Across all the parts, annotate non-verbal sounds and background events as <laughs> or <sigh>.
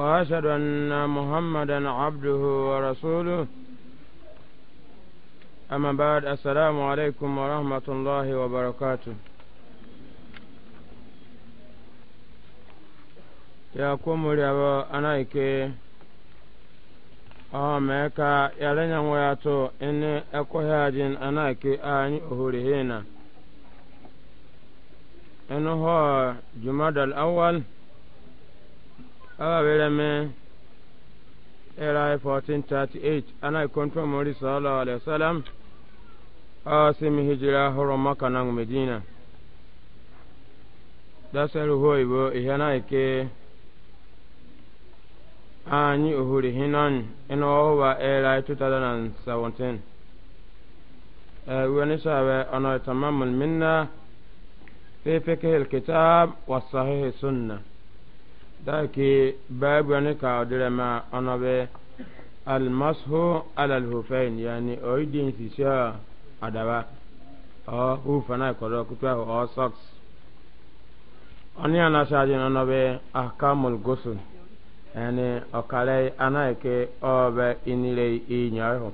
وأشهد أن محمدا عبده ورسوله أما بعد السلام عليكم ورحمة الله وبركاته ya komori abo anaike ọ mee ka yalenya nwe ya tụ ene ekweghị ajin anyi anyị ohuri hena enu hɔ jumadal awal awa wele me era 1438 ana kontro mori sallallahu alaihi wasallam a hijira horo maka na medina dasaru ho ibo ihe na ike anyị uhuri hinan ina ọwa era 2017 ewe nisawe ọnọ itamamul minna fi fikihil kitab wa sahihi daki babu ne ka dire ma ya almashu ala alhufain yani oidin sisha adawa o hufa na ko do kutwa o socks oni ana shaji onobe ahkamul ghusl yani okale anaike obe inile inyaho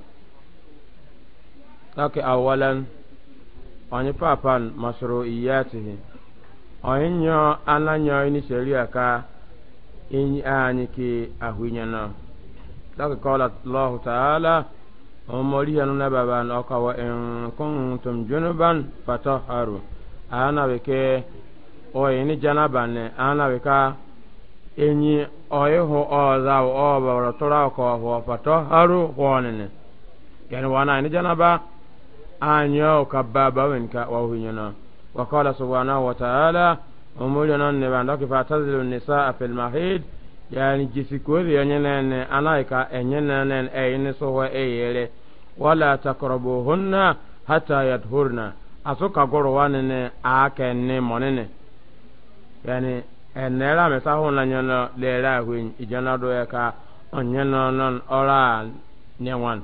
daki awalan oni papan masruiyatihi onyo ananyo ni sheria ka in aani ke ahunyana daga kawla allahu ta'ala omori yanu na baba na ọka wa in kuntum junuban fatahharu ana be ke oyi ni janaba ne ana be ka enyi oyi ho oza o bawra tora ko ho fatahharu wonene yani wana ni janaba anyo ka baba wa hunyana wa qala subhanahu wa ta'ala omuli non ne bando ki fatazilu nisaa fi lmahid yani jisikuwezi yonyenene anaika enyenenen eyini suwa eyele wala takrabuhunna hata yadhurna asuka goro wanene akenne monene yani enera mesahuna nyono lera hwin ijana doeka onyeno non ora nyewan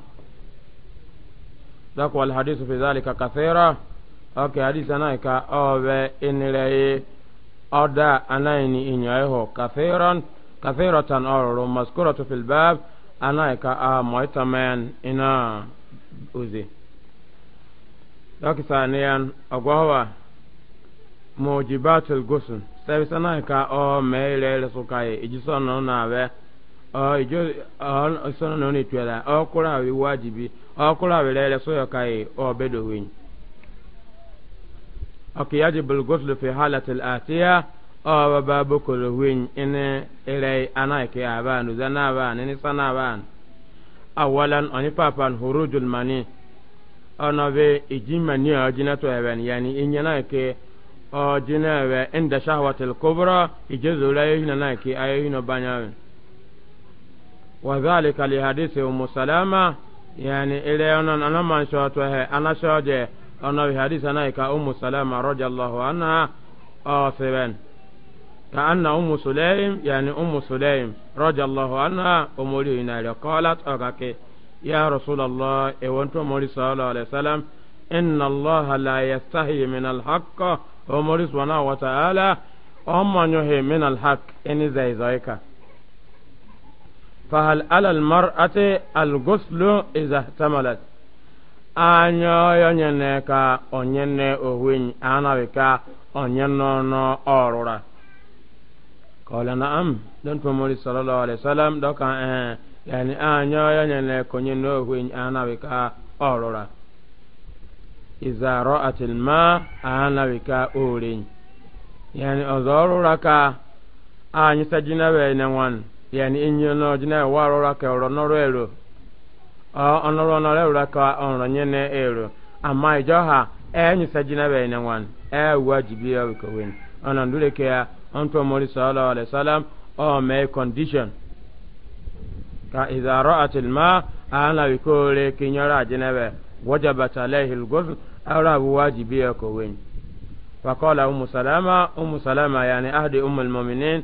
dako والحديث في ذلك كثيرة أوكي حديث أنا كأوبي إن ليه ọ daa, anaghị n'inyahụ kafi irọtụ ọ ruru, ma sukorọtụ filibapu, anaghị ka a ma itama ịna-uzi. dọkịta anị yanu, ọ gwọọ ọ gwa gosu, sebisa na ka ọ mee lele so ka eji so na ọ na-abịa. ọ ije isonoghi na itwela, ọ kụrụ abụ iwu ajị bị, ọ kụrụ abụ lele so ya ka ọ bedo onwe. ok yajib al-ghusl fi halati al-atiya aw babu kulwin in ilay ana ke aban zana ban ni sana ban awalan oni papan hurujul mani ana be ijima ni ajina to eben yani inyana ke ajina we inda shahwat al-kubra ijazula yina na ke ayina banya wa dhalika li hadisi ummu salama yani ilay onan ana man shato he ana shoje أنا بحديث أنايك أم سلامة رضي الله عنها آثبا آه، كأن أم سليم يعني أم سليم رضي الله عنها أم لينا قالت أكاكي يا رسول الله وانت مولي صلى الله عليه وسلم إن الله لا يستحي من الحق ومولي سبحانه وتعالى أما يهي من الحق إن زي زيك فهل على المرأة الغسل إذا احتملت anya onye na-eka onye na-owenyi anabika onye nọ n'ọrụra kọla na am don pomori sallallahu alaihi ee doka eh yani anya onye na-eka onye na-owenyi anabika ọrụra iza ra'at alma anabika orin yani ọzọrụra ka anyị sajina na ne nwan yani inyo no jina warụra ka ọrọ nọrọ ero ọnụrụ ọnọrọ ewura ka nye na eru ama ijọ ha enyi sajina bẹ ne wan ewa jibi ya wika wen ọnọ ndure ya ọntụ mori sallallahu alaihi wasallam ọ mee condition ka izaro atil ma ana wikore kinyara ajinebe wajabat alaihi alghusl awra abu wajibi ya ko wen فقال أم سلمة أم سلمة يعني أهد أم المؤمنين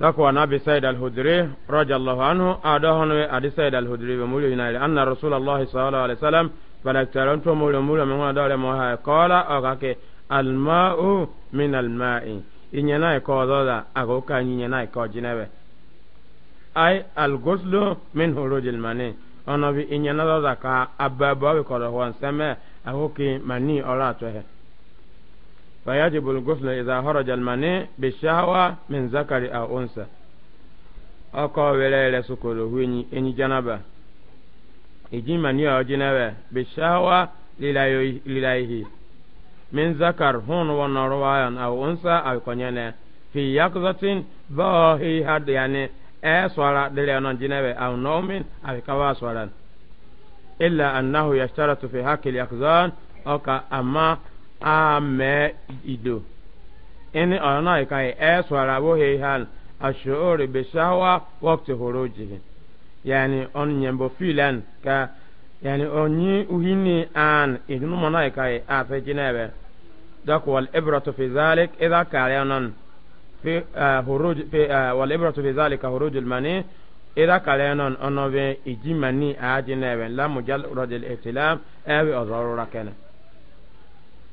لك وعن أبي سيد الهدري رضي الله عنه أدهن أبي سيد الهدري بمولي هنا أن رسول الله صلى الله عليه وسلم فلكترنت مولي مولي من هنا دولة موها قال أغاك الماء من الماء إننا يكو ذوذا أغوك إننا يكو جنبه أي الغسل من هروج المني أنا بي إننا ذوذا كأبابا وكو ذوذا سمع أغوك مني أولا توهي فيجب الغسل إذا خرج المني بالشهوة من ذكر أو أنثى أقوى ولاية سكول هوني إني جنبه إجي من يوجنبه بالشهوة للايه من ذكر هون ونروايا أو أنثى أو كنينة في يقظة باهي هاد يعني أي صلاة دليل جنبه أو نوم أو كوا صلاة إلا أنه يشترط في حق اليقظان أو أما ame ido ini ọ̀nà ìka yìí ẹ sọ̀rọ̀ abóhe hàn aṣọ́ọ̀rẹ̀ bẹ̀ṣáwá wọ́pùtì horo jìhìn yàní ọ̀nyẹ̀mbọ̀ fìlàn ká yàní ọ̀nyí uhínì àn ìdùnnú mọ̀nà ìka yìí àfẹ́ jìnnẹ́bẹ̀ dọ́kù wàl ibrọ̀tù fi zálẹ̀ ẹ̀dá kàrẹ́ ọ̀nàn fi horo fi wàl ibrọ̀tù fi zálẹ̀ ka horo jùlmọ̀ni ẹ̀dá kàrẹ́ ọ̀nàn ọ̀nà bẹ ìjì mọ̀ni àjìnnẹ́bẹ̀ lámùjá rọ̀jẹ̀ ẹ̀tìlá ẹ̀wẹ̀ ọ̀zọ́rọ̀ rakẹ́nẹ̀.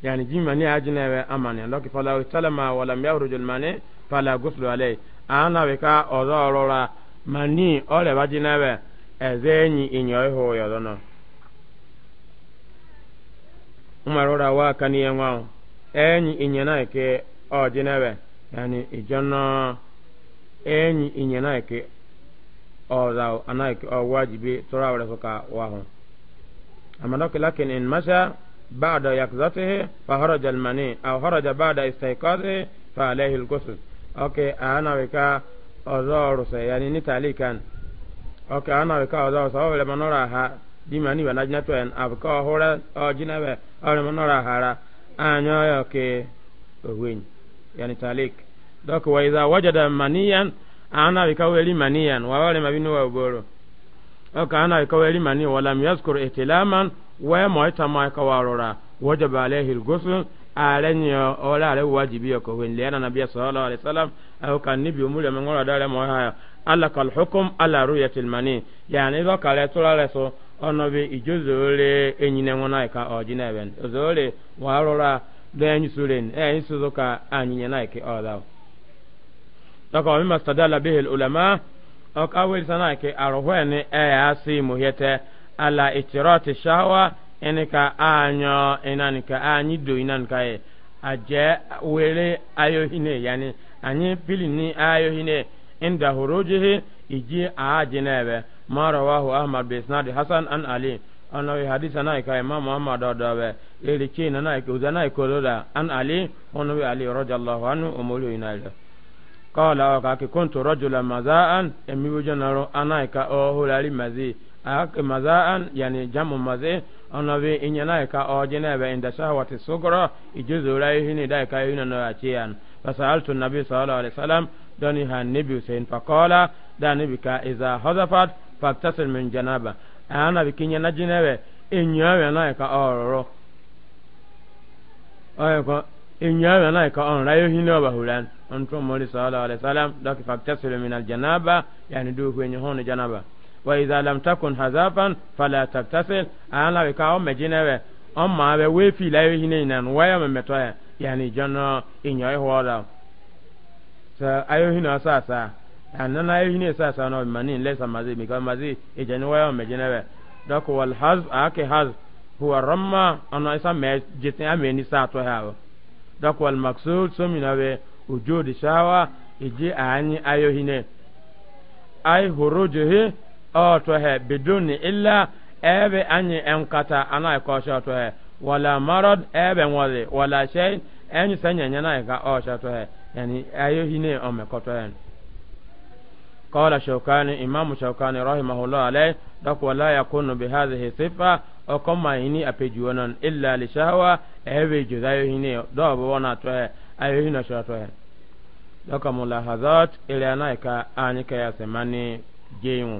yani jimani ajinewe amani loki fala witalama walam yahruju almani fala guslu alayhi ana weka ororora mani ole bajinewe ezenyi inyo yodono umarora wa kani yenwa enyi inyena ke ojinewe yani ijono enyi inyena ke ozaw anake owajibi بعد يقظته فخرج المني أو خرج بعد استيقاظه فعليه الغسل أوكي أنا بكا أزور يعني نتالي كان أوكي أنا بكا أزور سوف لما نرى di mani ba najna to en ab ko hora o jina be o le monora hara anyo yo ke win yani talik dok wa iza wajada maniyan ana bi kaweli maniyan wa wale mabinu wa boro o ka ana bi kaweli mani wala yazkur ihtilaman wee ma ita ma ka warora wajaba alaihi al-ghusl alenye ola ale wajibi ko wen na biya sallallahu alaihi wasallam au kan nibi umuri amengora mo kal ala ruyatil mani yani ro kale ono bi enyine ka enyi enyi suzo ka anyinye na ke ola Dọka ọmị mastadala bihil ulama, e ya ala itirati shahwa ene ka anyo enani ka anyi do inani ka e aje were ayo hine yani anyi pili ni ayo hine inda hurujihi iji aji nebe ma rawahu ahmad bi isnad hasan an ali ana wi hadisa na ka imam muhammad odobe eri ki na na ka uzana ikoloda an ali ono wi ali radiyallahu anhu umulu inaila qala wa ka kuntu rajulan mazaan emi wujanaru ana ka o hulali mazi ake mazaan yani jamu maze ona bi inyana ka oje na be inda shahwati sugra ijuzu raihi ne da ka yuna na aciyan fasaltu nabi sallallahu alaihi wasallam doni han nabi usain faqala da nabi ka iza hazafat faktasil min janaba ana bi kinyana jinebe inyawe na ka ororo ayko inyawe na ka on raihi ne ba hulan on to mori sallallahu alaihi wasallam da ki faktasilu min aljanaba yani du ko nyi hono janaba wa idha lam takun hazafan fala taktasil ala bi ka o mejine be on ma be we fi la yine nan waya me meto ya yani jono inyo e hola sa ayo hina sasa anna na ayo hina sasa no mani le sa mazi mi ka mazi e jani waya me jine be dok wal haz ake haz huwa ramma ana isa me jitin ameni sa to ha dok wal maksud so mina be ujudi shawa iji ani ayo hine ai hurujuhi ọtọ hẹ bidun ni illa ẹbẹ anyi ẹnkata ana ẹkọ ọṣẹ ọtọ hẹ wala marad ẹbẹ nwọle wala ṣẹyin ẹnyi sẹnyẹ nyẹ náà ẹka ọṣẹ ọtọ hẹ yani ayé hinẹ ọmọ ẹkọtọ hẹ. قال شوكاني إمام شوكاني رحمه الله عليه دك ولا يكون بهذه صفة أكما هني أبجونا إلا لشهوة أبي جزاي هني دوب وانا توه أي هنا شاتوه دك ملاحظات إلى أنا كأني كيا سماني جيمو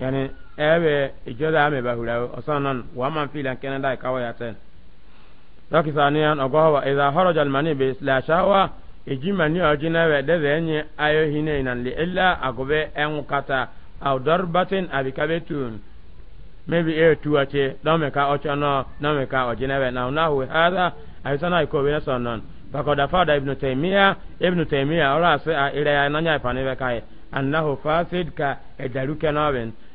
yani ebe ijoda ame bahura osanan wa man filan kenan da kawa ya ten doki saniyan ogoho wa idha haraja al mani bi la shawa iji mani ojina we de zenye ayo hine inan li illa agobe en kata aw darbatin abikabetun maybe e tuache dome ka ochono dome ka ojina we na unahu hadha aisana iko we sonan fakoda fada ibnu taymiya ibnu taymiya ora se ire ya nanya ifaniwe kai annahu fasid ka edaruke nawin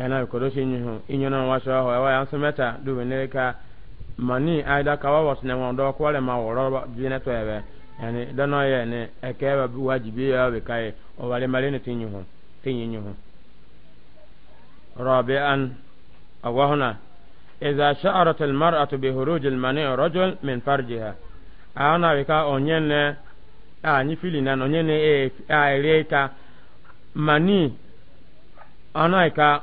yana kodoshi nyihu inyana washo ho wa nwa duwe nereka mani aida kawa wasne won do kwale ma woro jine to ebe yani dono ye ne ekeba wajibi ya be kai o wale malene tinyuhu tinyuhu رابعا أو هنا إذا شعرت المرأة بهروج المني رجل من فرجها أنا بكا أونين أني فيلنا أونين إيه أريكا مني أنا بكا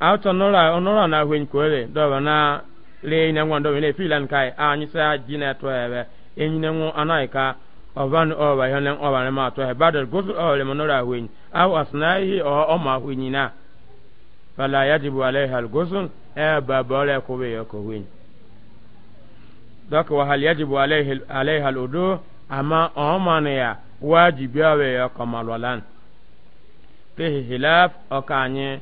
auto nora onora na hwen kwere do na le ina ngwa do ne filan kai anyi sa jina to ebe enyi ngwa anaika oban oba yone oba ne ma to e badal gosul o le monora hwen aw asnahi o o ma fala yajibu alaiha alghusl e babole ko be hwen wa hal yajibu alaihi alaiha ama o ma ne ya wajibi awe o kanye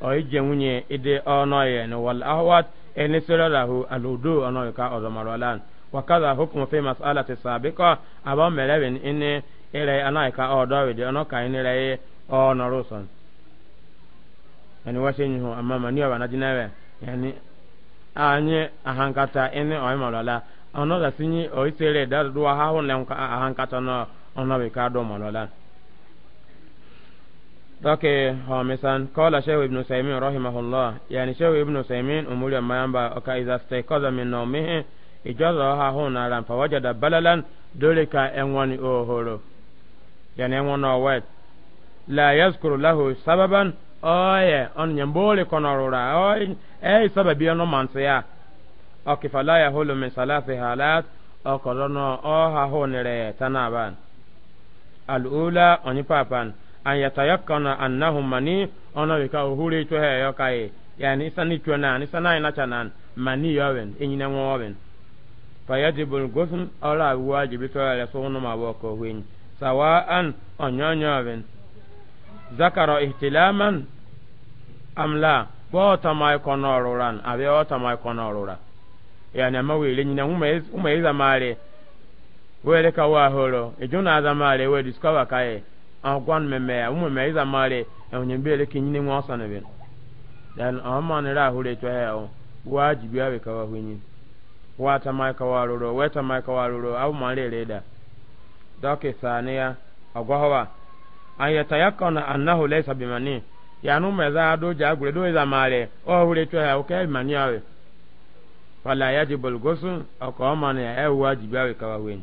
oije nwunye ide ọnọye wal ahwat eni sirarahu aludu ọnọye ka ọzọmarwalan wakaza hukum fi mas'alati sabiqa aba melewin ini ire anai ka ọdọ wede ọnọ ka ini re ọnọ rusun yani wase nyi ho amma mani wa na dinawe yani anye ahankata ini oyi mọlọla. ọnọ da sinyi oyi sere da ha hun lenka ahankata no ọnọ be ka do malola dɔke eh, homisan kɔla shehu ibnu saimin rahimahullah yani shehu ibnu saimin umulya mayamba oka iza staikoza min naumihi ijozo ha huna ran fawajada balalan dole ka enwani ohoro yani enwono wet la yazkuru lahu sababan oye on nyambole konorura oye ey sababi ono mansiya oke fala yahulu min salasi halat okorono oha hunire tanaban alula oni papan an yatayakkana annahum mani ona wika uhure to he yo kai yani isani to na ni sana ina chanan mani yowen enyina ngowen fayajibul gusl ala wajibi to ala so no ma boko wen sawa'an onyonyo wen zakara ihtilaman amla bo ta mai konoruran abi o ta mai konorura yani mawele nyina umaiz umaiza mare wele kawa holo ejuna azamare we discover kai agwan meme umu me iza mare enye eh, mbele kinyine mwa sana ben dan amane ah, ra hure to heo wajibi awe kawa hunyi wata mai kawa roro weta mai kawa roro au mare leda doke sania agwawa an yatayakana annahu laysa bimani yanu meza ado jagure do iza mare o hure to heo ke mani awe fala yajibu al-ghusl akwa mane e eh, wajibi awe kawa hunyi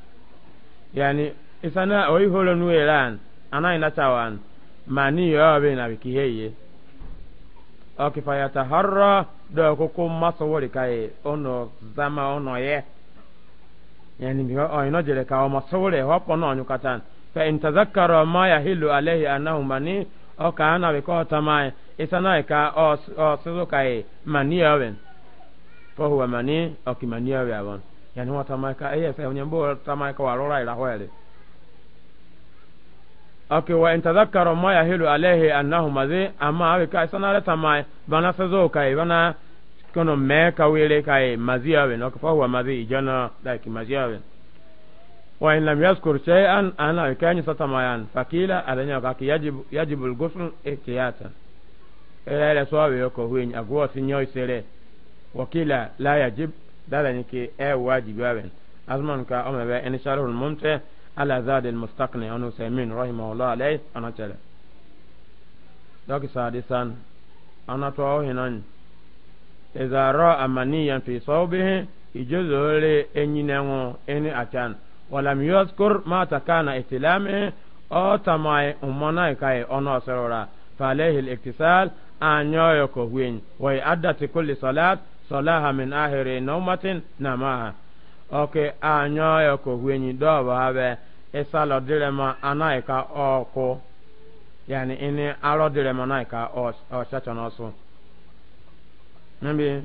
yani isana oyi holo nu eran ana ina tawan mani yo be na biki heye oki fa yataharra do ko ko maso wori kai ono zama ono ye yani bi o ino jere ka o maso wori ho po no nyu katan fa in tazakkara ma yahillu alayhi annahu mani o ka ana be ko tamai isana ka o o suzo kai mani yo ben fa huwa mani o ki mani yo be yani wata maika eye eh, sa eh, onye mbo wata maika wa rora ila hoyale okay wa in tadhakkara ma yahilu alayhi annahu madhi ama awe ka sana le tamai bana sazo kai bana kono me ka wele kai madhi awe no fa huwa madhi ijana da ki madhi awe wa in lam yazkur shay'an ana kan satamayan fakila alanya ka yajib yajibu al-ghusl ihtiyatan ila ila sawabe yoko huwa agwa sinyo isere wakila la yajib dala ni ke e wajibi aben azman ka o mebe en sharhul mumte ala zad al mustaqni anu saimin rahimahullah alayhi ana tala doki sadisan ana to o hinan iza ra'a maniyan fi sawbihi ijozole enyinenwo eni atan walam yuzkur ma takana ihtilamihi o tamai umana kai ono sarora فعليه الاكتسال أن يكون ويؤدى كل صلاة salaha min ahiri naumatin na oke anyoyo ko hwenyi doba habe isalo direma anaika oku yani ini aro nabi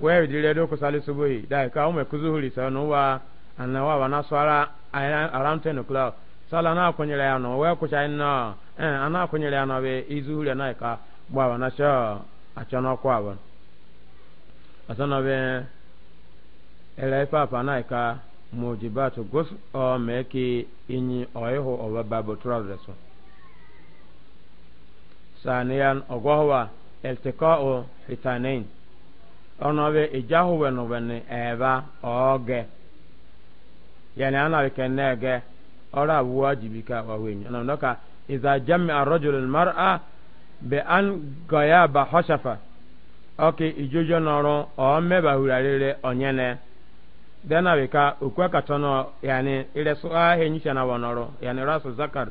wewe dire do kusali subuhi dai ka ume kuzuhuri sa no wa anawa wana swala around 10 o'clock sala na kunyele ya no we kucha eh ana kunyele ya no be izuhuri gbawa na asana bɛ ɛlɛ papa n'a ka mojibatu gos o mɛ ki inyi ɔyihu ɔba babu tura da so saniyan ɔgɔhwa ɛltikɔɔ hitanain ɔnɔ bɛ ijahu wɛnu wɛni eba oge. yani ana bɛ kɛnɛ gɛ ɔrɔ a wajibi ka ɔwɛnyi ɔnɔ ka iza jami a rɔjulil mar'a bi an gɔya ba hɔshafa oke ijojo nọrọ ọ mmebahuru arịrị onyene dena bika okwe katọnọ yani iresu ahịa nyisha na wọnọrọ yani rasu zakar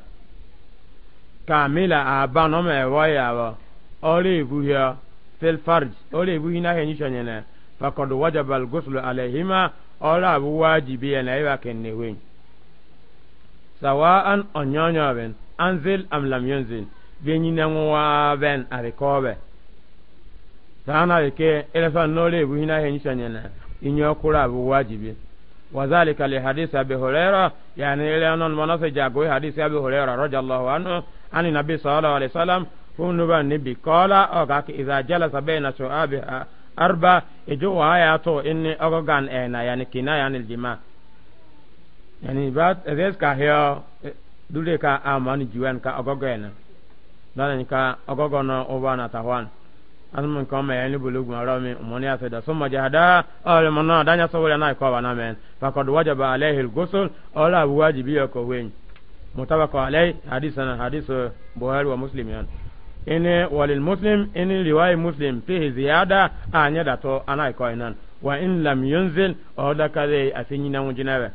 ka mila aba nọ ma ewo ya abọ ọrụ ebuhie filfarj ọrụ ebuhie na ahịa nyisha nyene fakọdụ wajabal gosulu alehima ọrụ abụ wajibi ya na ịwa kennewe sawa an onyonyo ben anzil am lam yunzil bi nyina nwa ben arikobe sana yake elefa nole bu hina hen shanyana inyo kura bu wajibi وذلك لحديث ابي هريره يعني الى ان منص جاءوا حديث ابي هريره رضي الله عنه عن النبي صلى الله عليه وسلم كن النبي قال اوكاك اذا جلس بين شعابها اربع اجوا اياتو اني اوغان انا يعني كنايه عن الجماع يعني بعد ذلك هي دولك امان جوان كا اوغان دانك اوغان اوبانا تهوان anumun kan ma yani bulugun ara mi umman ya sai da sun majahada ala manna danya saboda na ko ba na men faqad wajaba alaihi al-ghusl ala wajibi ya ko wen mutabaqa alai hadithana hadithu buhari wa muslim yan ini walil muslim ini riwayi muslim fihi ziyada anya da to ana ko inan wa in lam yunzil o da kare asinyi na wujinabe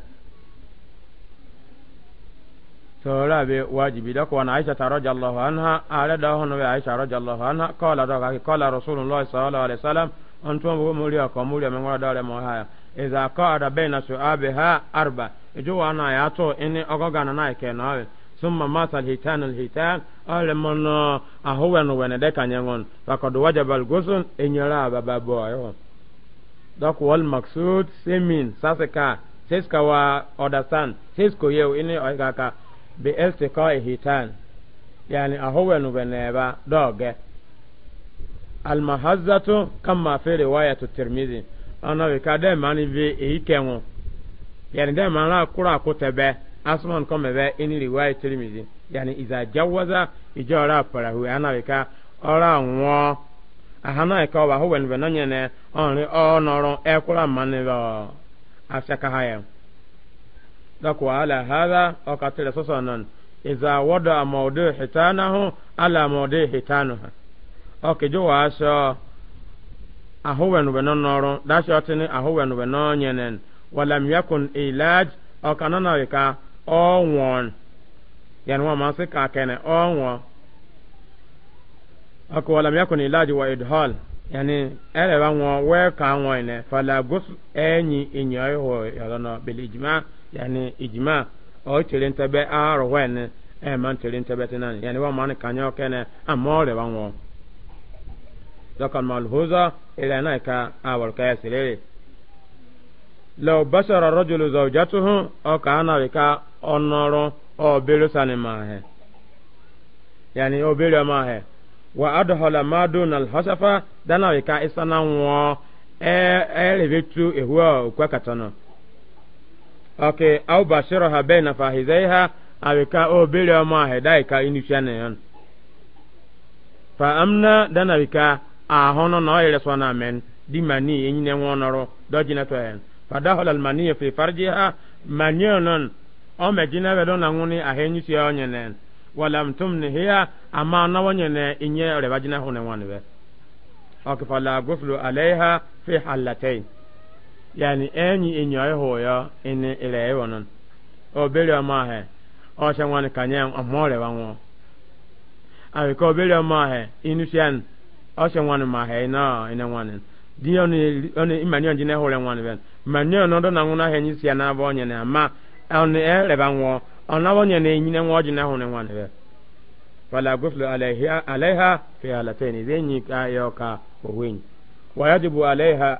sora be wajibi da ko wana aisha ta radiyallahu anha ala da hono be aisha radiyallahu anha qala da ka qala rasulullah sallallahu alaihi wasallam antum bo muri ko muri me ngora dare mo haya iza qada baina su'abiha arba ijo wana ya to ini ogogana na ke no summa masal hitan al hitan ala man ahuwa no wene de kanyengon faqad wajaba al ghusl inyara baba boyo dak wal maqsud semin saseka seska wa understand sesko yeu ini oigaka bi iltiqaihi tan yani ahowenu beneba doge almahazzatu kama fi riwayatu tirmidhi ana bi ka de mani bi ikenwo yani de mara kura kutebe asman kome be ini riwayat tirmidhi yani iza jawaza ijara parahu ana bi ka ora nwo ahana ka wa howen benanye ne onri onoro ekura maniba asaka hayen dako ala hadha wakatile sasa nan iza wada maudu hitanahu ala maudu hitanuha oke jo wa so ahuwenu benonoro dasho tini ahuwenu benonyenen walam yakun ilaj okanana wika onwon yani wa masu kakene onwon ọkụ walam yakun ilaj wa idhal yani eleba nwo we ka nwo ine fala gus enyi inyo iho yalono bil ijma' yani ijma o chere ntebe aro wen e man chere ntebe tenan yani wa man kanyo kene amore banwo dokal malhuza ila naika awal kayasirere law bashara rajulu zawjatuhu o kana rika onoro o belu sanima he yani o belu ma he wa adhala ma dun al hasafa dana rika isana wo e e levetu ehwa okwa okay au bashiraha baina fahizaiha awika o bere ma hedai ka inu shane yon fa amna dana wika a hono no ile sona men di mani enyi ne wonoro dojina to en fa dahala al mani fi farjiha manyonon o mejina be dona nguni a henyu si onyenen wala mtumni hiya ama na wonyene inye rebajina hune wanwe okay fa la guslu alaiha fi halatayn yani enyi enyo iho yo ene ile ewo non obere ma he o se wan kanye amore wa won awi ko obere ma he inusian o se wan ma he na ene wan di oni oni imanion jine hore wan ben manion no do na nguna he nyisi na abo onye na ma oni ele ba won ona onye na enyi na won jine hore wan be wala guflu alaiha alaiha fi halataini zenyi ka yoka wa wajibu alaiha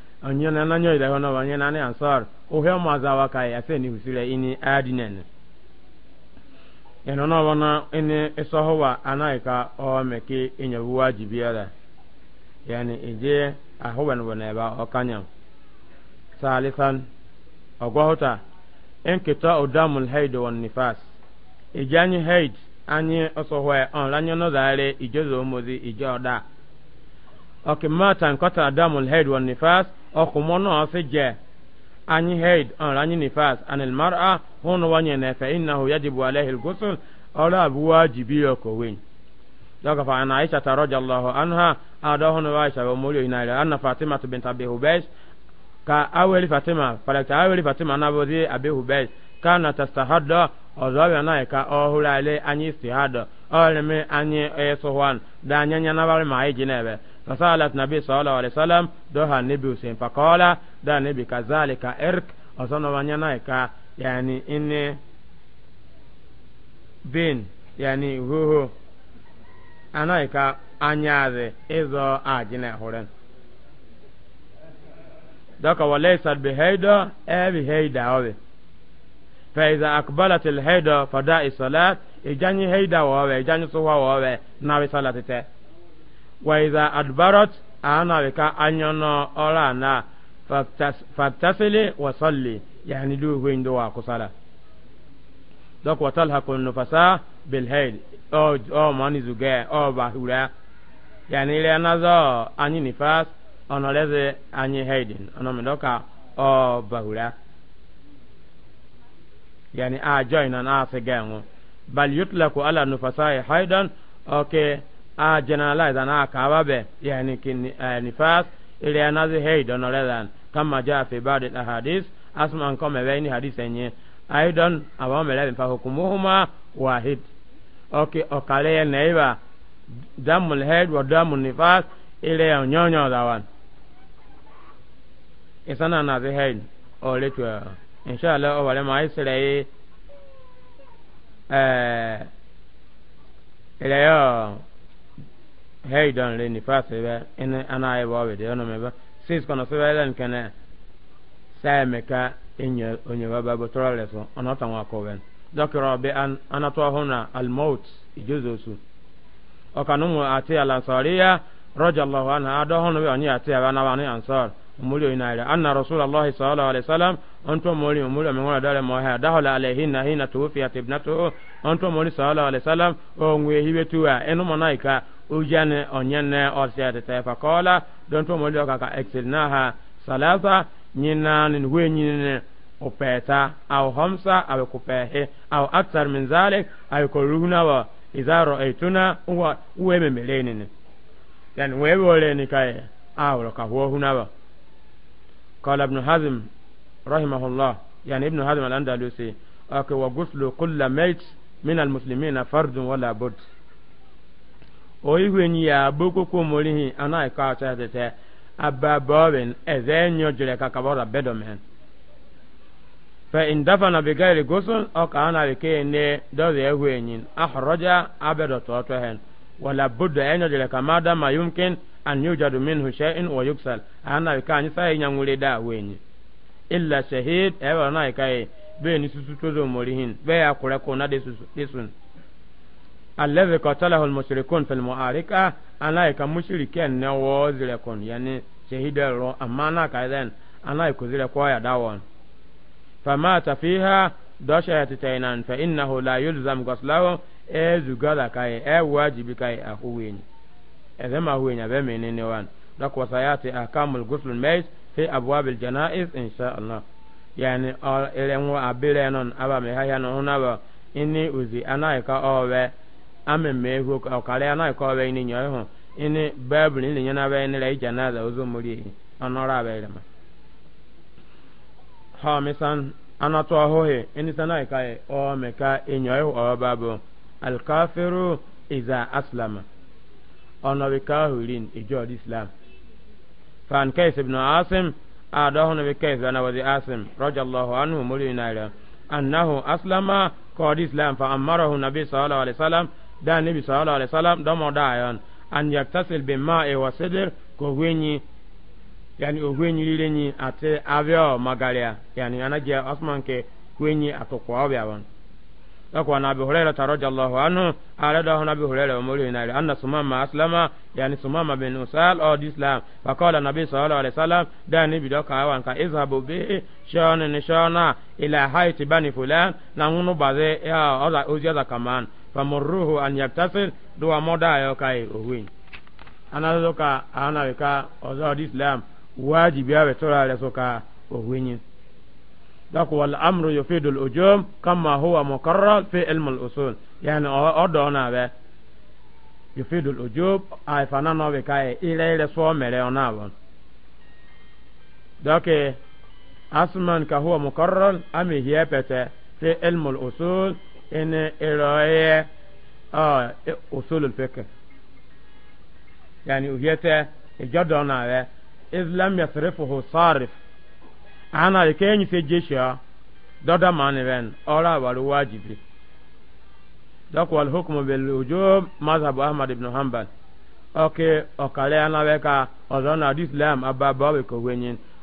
anyo na nanyo ida hono wanye na ne ansar ohia mazawa kai ase ni husire ini adinen eno no wana ini isohowa anaika o meki inyo wajibiara yani ije ahoban wana ba okanya salisan ogwahota enkita odamul haid wan nifas ijanyi haid anyi osohwe on lanyo no dare ijozo mozi ijoda okay matan kota adamul haid wan nifas ọkụmọnụ afeje anyị heid ọrụ anyị nifas anil mara hụnụ wanye na efe inna hụ ya jibu alehil gusul ọrụ abụọ jibi okowen daga fa ana aisha ta roja allahu anha ada hụnụ aisha bụ mori na ila anna fatima tu binta bi ka aweli fatima falakta aweli fatima na bozi abi hubes ka na tastahadda ọzọbịa na ka ọhụrụ ale anyị istihadda ọrịa me anyị esuhwan da anya nya nabarị ma anyị ji na ebe فسالت النبي صلى الله عليه وسلم دوها النبي حسين فقال ده النبي كذلك إرك أصنع ونينايك يعني إني بين يعني هو أنايك أنياذي إذا أجنى هورن دوك وليست بهيدا أبي إيه هيدا أوي فإذا أقبلت الهيدا فداء الصلاة إجاني هيدا وهو إجاني صوها وهو نبي صلاة تتاه waiza adbarot ana bika anyono ora na faktasili wa salli yani du huin do wa kusala dok wa talhaqu nufasa bil hayl o o mani zuge o bahura yani ile anazo anyi nifas ono leze anyi haydin ono mdoka o bahura yani a join an a segengu bal yutlaku ala nufasa haydan okay a generalize ana akaba be yani kin eh, nifas ile anazi hey don redan kama ja fi ba'd al hadith asman kama bayni hadith enye aidan awa mele fa hukumuhuma wahid okay okale neiba damul head wa damul nifas ile nyonyo dawan isana na the head o letwa inshallah o wale mai sere eh ile yo hey don le ni fa be in ana ai ba be de oh, eh, no me ba sis kono se be len kene sai me ka enye onye ba ba botora le so ona tan wa ko ben dokiro be an ana al maut ijuzo su o kanu mu ati al ansariya radiyallahu anha ado hono be onye ati aba na ba ni ansar ina anna sallallahu alaihi wasallam onto me dale mo ha dahala alaihi na hina ujane onyene ose tete fakola don to molio kaka exilnaha salasa nyina nin wenyine opeta au hamsa au kupehe au aktar min zalik au koruna wa idha ra'aytuna huwa uwe memeleni yani wewe oleni kae au roka huwa hunawa قال ابن حزم رحمه الله hazim ابن حزم الأندلسي أكو وغسل كل ميت من المسلمين فرد ولا بد o ya bokoko morihi ana ka tete abba bawin ezenyo jere ka kabora bedomen fa indafa na bi gairi gusul ana ke ne doze ehwenyin ahraja abedo to to wala budda enyo jere ka mada ma yumkin an yujadu minhu wa yuksal ana ka ni sai da wenyi illa shahid susu morihin be ya kure desun alladhi qatalahu al-mushrikun fil mu'arika anai ka mushriken ne wo zire kon yani shahida ro amma na ka den anai ku zire ko ya dawon famata fiha dosha yatainan fa innahu la yulzam ghaslahu e zugala kai e wajibi kai a huweni e zama huweni abe menene wan dak wasayati ahkamul ghusl al-mayt fi abwab al-janaiz insha Allah yani ere nwa abire non aba me ha ya no na ba ini uzi anai amemme ehu ọkara ya na-akọ ọbẹ ini nyọ ịhụ ini baịbụl ili nye n'abịa ini lai janaza ozu muri ehi ọnọrọ abịa ịrịma ha misan anatụ ọhụghị ini sana ịka ọ meka ịnyọ ịhụ ọba bụ alkafiru iza aslama ọnọbi kahurin ijọ islam fan kais na asim adọhụ nọbi kais bana wazi asim rọjallahu anhu muri naira annahu aslama kọd islam fa hụ nabi sallallahu alaihi wasallam da nabi sallallahu alaihi wasallam da mo da yan an yaktasil bi ma'i wa sidr ko wenyi yani o wenyi lirenyi ate avio magalia yani anaje osman ke wenyi atoko abia wan akwa na abi hurairah radhiyallahu anhu arada hona abi hurairah mawli na ile anna sumama aslama yani sumama bin usal au islam fa qala nabi sallallahu alaihi wasallam da ni bidoka wan ka izhabu bi shana ni shana ila haiti bani fulan na munu baze ya oza ozi za kaman famurruhu an yaktasil duwa moda ayo kai ohwin ana zo ana ka ozo islam wajibi awe tora le so ka ohwin wal amru yufidu al ujum kama huwa muqarrar fi ilm al usul yani odo na be yufidu al ujub ay fana no be kai ile ile so mere ona bon dak asman ka huwa muqarrar ami hiya pete fi ilm al usul ene eroye a e, usulul fiqh yani uhiyete ijodo e, na we islam yasrifuhu sarif ana e, ke enyi se jesha doda mani ben ora waru wajibi dako wal hukmu bil wujub mazhab ahmad ibn hanbal okay okale ana we ka islam ababa we ko wenyin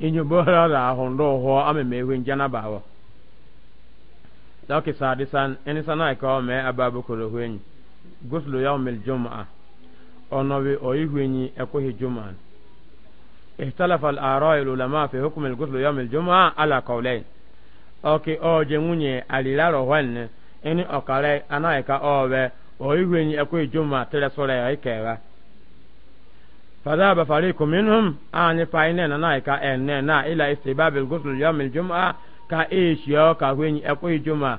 inyo bora la hondo ho ame me wen jana bawo laki sadisan eni sana ka me ababu kolo wen guslu yawmil jum'a ono bi oyi wenyi eko hi jum'a اختلف الآراء العلماء في حكم الغسل يوم الجمعة على قولين أوكي أو جموني على لا روحن إني أكالي أنا إكا أوه أو يغني أكو الجمعة تلسولي أي كيوه فذهب فريق منهم أن فايننا نايكا أننا إلى استباب الغسل يوم الجمعة كإيش يو كوين أكوي جمعة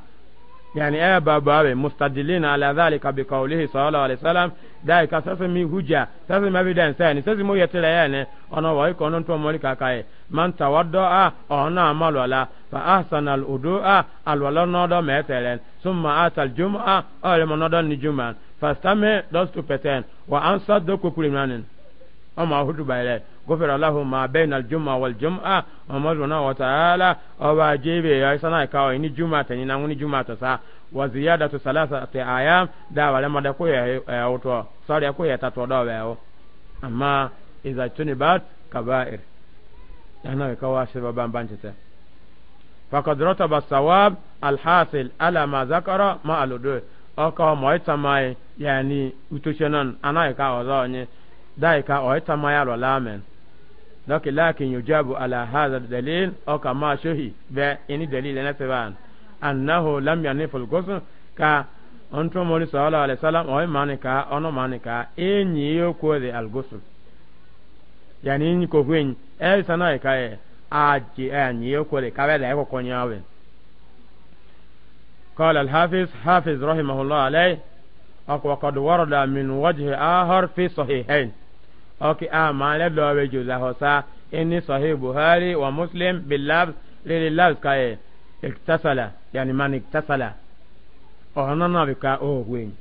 يعني أبا باب مستدلين على ذلك بقوله صلى الله عليه وسلم ذلك سسمي هجة سسمي evidence يعني سسمي يتلا يعني أنا ويك أنا تو مولك كاي من تودع أنا عمل ولا فأحسن الأدوء الولا نودا مثلا ثم أتى الجمعة أو لمن نودا الجمعة فاستمع دوستو بتن وأنصت دوكو كل منن ọmọ ahudu bayilẹ gofere alahu ma bẹẹ na juma wal juma ọmọ zuna wataala ọba jebe ya isana ika ọ ini juma tẹni na nguni juma tasa wa ziyada to salasa te aya da wale mada ko ya ya uto sori ko ya tatwa do be o amma iza tuni bat kabair yana ka wa shi baban banchete faqad rataba sawab al hasil ala ma zakara ma aludu aka mo itamai yani utoshenan anai ka ozo onye daika o ita ma yalo lamen doki lakin yujabu ala hadha dalil o kama shohi be ini dalil na seban annahu lam yanif al ka onto mori sallallahu alaihi wasallam o mani ka ono mani ka enyi yo de al ghusl yani ni ko hwen e sana ka e aji enyi yo de ka be ko konya قال الحافظ حافظ رحمه الله عليه وقد ورد من وجه آخر في صحيحين oke a maale dɔɔbe juza hosa inni buhari wa muslim bilab lili labs kaye iktasala yani man iktasala ɔhɔnɔ oh, na bi ka o oh, wen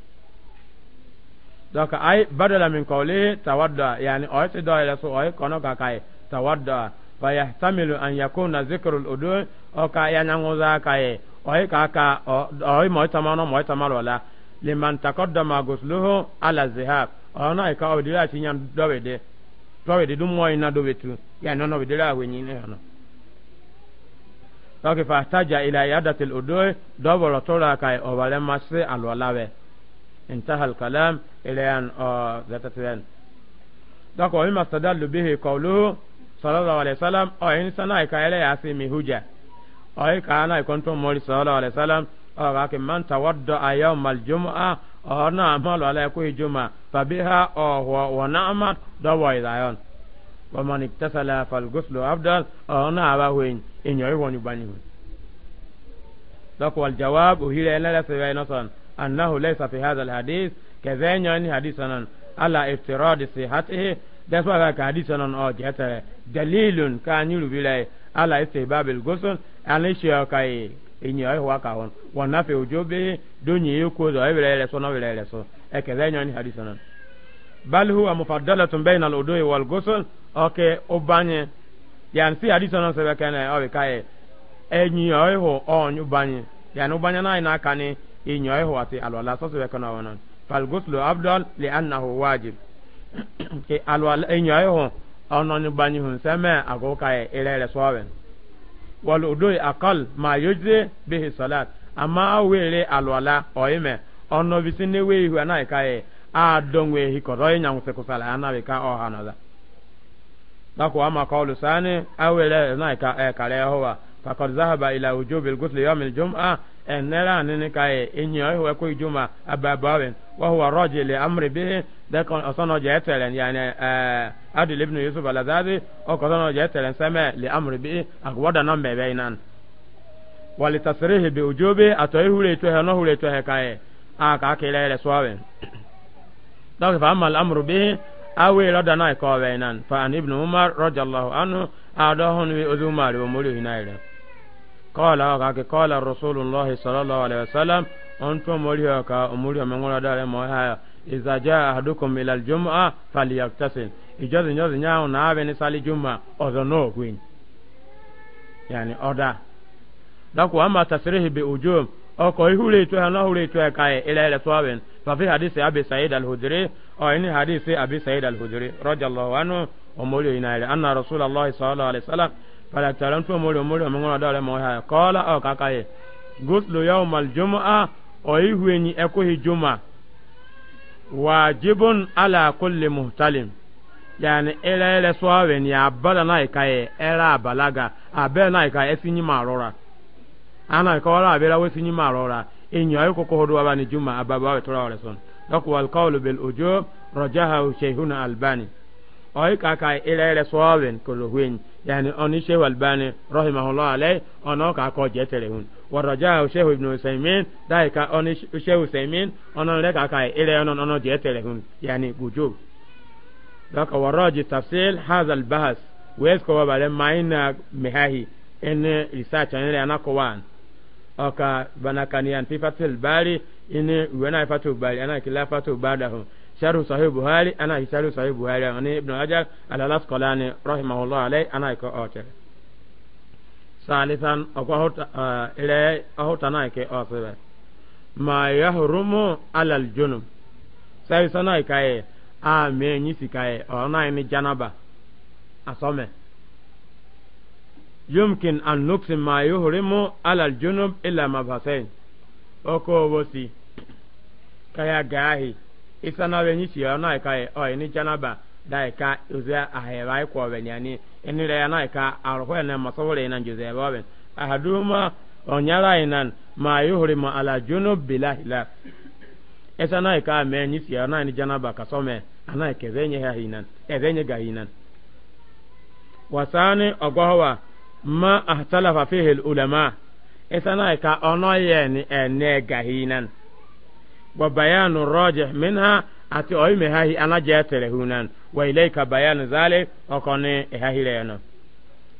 donc ay badala min kawli tawadda yani ɔyɛ ti dɔɔ yɛrɛ so ɔyɛ kɔnɔ ka kaye tawadda fa yahtamilu an yakuna zikru ludu o ka yanyanguza kaye ɔyɛ ka ka ɔyɛ mɔyitama nɔ mɔyitama lɔ la liman takɔdama gusluhu ona ka o dira chi nyam dobe de dobe de dum moy na dobe tu ya no no dira we ni ne no lọ́kì fàtàjà ilẹ̀ àyàdàtì odò dọ́bọ̀rọ̀ tó ra ka ọ̀bàlẹ̀ máa ṣe àlọ́láwẹ̀ intahal kalam ilẹ̀ ọ̀ zẹtẹtẹrẹn. lọ́kọ̀ omi masada lubihi kọlu sọlọ́lọ́ alẹ́ sálám ọ̀yìn sanáà ìka ẹlẹ́yà sí mi ọ̀rọ̀ kì máa ń tàwọ́dọ̀ ayé ọmọlùjọ́mọ́ a ọ̀rọ̀ náà má lọ aláìkó ìjọmọ́ tàbí ha ọ̀họ̀ wọ̀n náà má dọ̀wọ̀ ìlàyọ̀n. ọmọ ní tẹ́sàlẹ̀ falgoslo abdul ọ̀rọ̀ náà bá wẹ̀ ẹ̀yàn ìwọ̀n ní bani wọn. lọ́kọ̀ aljawab òhìrẹ́ ẹlẹ́sẹ̀rẹ́ iná sàn anahu lẹ́sà fi hàzà hadith kẹfẹ́ ẹ̀yàn ní hadith sanan ala iftirọ́ọ̀dì sí hàtìhì dẹ́sọ̀rọ̀ kà hadith sanan ọ̀ jẹ́tẹ̀rẹ̀ dalilun ká nyúlùbí lẹ́yìn ala ìsèbábìl gosun àníṣe ọ̀kà yìí enyi ayi wa ka hon wana fe ojo be donye yoko zo ayi bere leso na bere leso e ke zanyo ni hadisa nan bal huwa mufaddalatun bayna al-udwi wal ghusl oke obanye yan si hadisa nan sebe kana e o be kai enyi ayi ho onyu banye yan obanye na ina kani enyi ayi ho ati alwala so sebe kana wana fal ghuslu afdal li annahu wajib <clears throat> ke alwala enyi ayi ho ononyu banye hun seme agoka e ere leso awen والودوي أقل ما يجزي به الصلاة أما أولي الولاء أويمة أنه بسنة ويهو أنا إكاية أدون ويهي كروي نعم سكسالة أنا بكا أوهانا ذا لكو أما قول ساني أولي أنا إكاية كاليه هو فقد ذهب إلى وجوب الغسل يوم الجمعة enera anini kaye enyi oyi wa koyi juma ababawin wa huwa roji le amri bihi dekon osono je etelen yani eh, adil ibn yusuf alazabi okosono je etelen seme le amri bihi agwada na mbebe inan wali tasrihi bi ujubi atoyi hure tuhe no hure tuhe kaye aka akile ele swawin <clears throat> donc fa amal amru bihi awe roda na ikowe inan fa an ibn umar radiyallahu anhu adohun wi uzumari wa muri hinaire قال وكاك قال رسول الله صلى الله عليه وسلم أنتم مريوك أمريو من ولا دار مهايا إذا جاء أحدكم إلى الجمعة فليغتسل إجاز إجاز نياو نابي نسالي جمعة أذنو كوين يعني أدا دكو أما تسريه بأجوم أكو يهولي توها نهولي توها كاي إلى إلى صوابين ففي حديث أبي سعيد الهدري أو إن حديث أبي سعيد الهدري رضي الله عنه أمريو إلى أن رسول الله صلى الله عليه وسلم fala taron to mori mori o ngona dare mo ha kala o kaka ye guslu yawmal jumu'a o ihweni ekohi juma wajibun ala kulli muhtalim yani ele ele swawe ni abala na ikaye era abalaga abe na ikaye sinyi marora ana kola abela we sinyi marora enyo ayo kokohodo abani juma ababa we tora oleson dokwa alqawlu bil ujub rajaha shaykhuna albani oyi kaka ilere suwabin kuluhin yani oni shehu albani rahimahullah alai ono ka ko jetere hun waraja shehu ibn usaimin dai ka oni shehu usaimin ono le kaka ile ono ono jetere hun yani gujub daka waraji tafsil hadha albahas wes ko bale maina mihahi en research en le anako wan oka banakanian fi fatil bari ini wena fatul bari ana kila fatul bari hun sharhu sahih buhari ana sharhu sahih buhari ani ibn hajar al-asqalani rahimahullah alayhi ana ko oche salisan oko ile ahutana ke osebe ma yahrumu alal junub sai sana ikaye a me nyi sikaye ona ni janaba asome yumkin an nuksi ma yuhrimu alal junub illa mabhasain oko wosi kaya gahi isa na wenyi shi ya na ka e, o ni janaba da ka uza ahera ko wenya ni ni re na ka arho na masawre na juze ba ben ahaduma onyara inan ma yuhri ma ala junub bila hilaf isa na ka me nyi shi ya na ni janaba ka some ana ke zenye ha hinan e zenye ga hinan wasani ogohwa ma ahtalafa fihi ulama isa na ka ono ye ni ene ga hinan wa bayanu rajih minha ati oyi me hahi ana jetere hunan wa ilayka bayanu zalik okone ehahire yana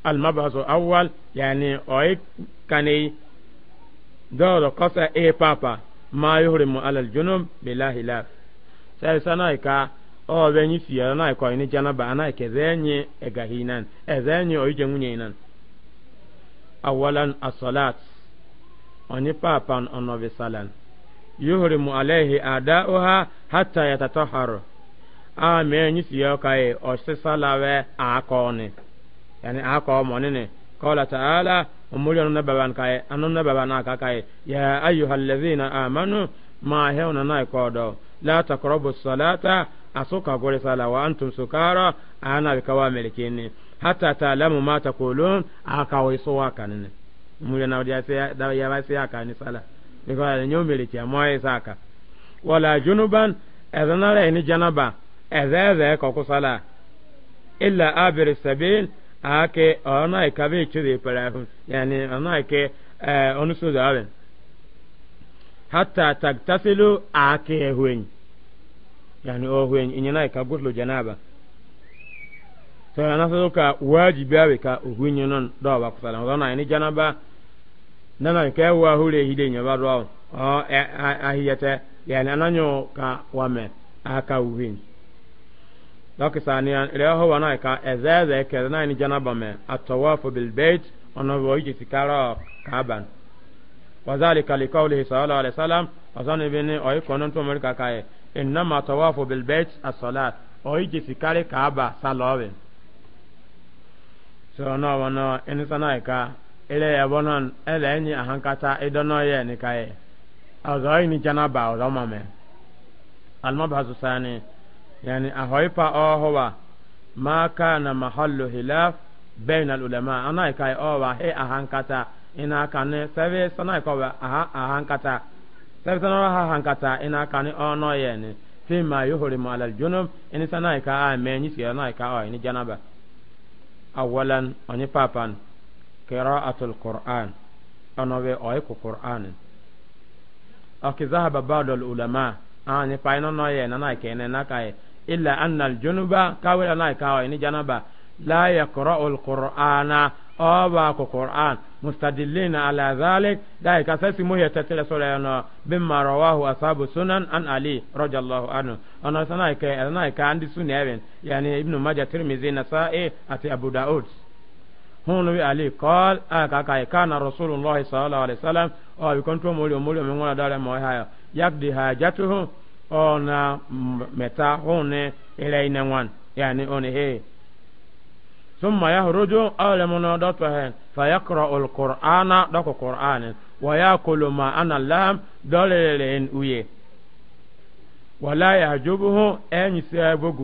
al mabhasu awwal yani oyi kane doro kosa e papa ma yuhrimu ala al junub bila hilaf sai sanai ka o be nyi fiya na ko ni janaba ana ke zenye egahinan ezenye oyi jenwunye nan awalan as-salat oni papa on onovisalan yuhrimu alaihi ada'uha hatta yatatahharu a me ni siyo kai o se salawe a kone yani a ko mo ne qala ta'ala umuri anna baban kai anna babana ka kai ya ayyuhallazina amanu ma hewna na kodo la taqrabu salata asuka gore sala wa antum sukara ana bikawa melekini hatta ta'lamu ma taqulun aka waiso wakanne umuri na wadi ya ya wasi aka ni sala because nyomere ti amoye saka wala junuban ezanara ni janaba ezeze ko sala, illa abir sabil ake ona ikabe chiri parahun yani ona ke eh, onusu zaben hatta tagtasilu ake hwen yani o hwen inyana ikagutlo janaba so ana so ka wajibi awe ka ohunyenon do ba kusala ona ini janaba nana nke wa hure hide nya barwa o ahiyata e, ya na nanyo ka wame aka uhin doki saniya reho wana ka ezeze ke na ni janaba me atawafu bil bait ona wo yi tikara kaban وذلك لقوله صلى الله عليه وسلم أظن بني أي كونن تو مركا كاي إنما طواف بالبيت الصلاة أي جسكاري كعبة صلاة سنة ونا إنسانا إكا ele ya bonon ele enyi ahankata idono ye ni kaye azoyi ni janaba ozoma me almabhasu sani yani ahoipa ohowa ma kana mahallu hilaf bain alulama ana kai owa he ahankata ina kane sabe sana ko aha ahankata sabe sana ha ahankata ina kane ono ye ni fi ma yuhrimu alal junub ini sana ka a me ni si na ka o ni janaba awalan oni papan qira'atul qur'an ono be oy ku qur'an aki zahaba ba'd al ulama ani paino no ye nana kene na kai illa anna al junuba kawla na kai ni janaba la yaqra'u al qur'ana awa ku qur'an mustadillina ala dhalik dai ka sasi mu ya tatila sura no bimma rawahu ashabu sunan an ali radiyallahu anhu ana sanai kai ana kai andi sunan yani ibnu majah tirmidhi hun wi ali kol ah, aka kai e kana rasulullahi sallallahu alaihi wasallam o bi kon to mori mori mi ngona dare mo haya yakdi hajatuhu ona meta hone ilaina wan yani oni he ثم يخرج أول من دطه فيقرأ القرآن دق قرآن ويأكل ما أنا لهم دليل إن ويه ولا يعجبه أن يسيبه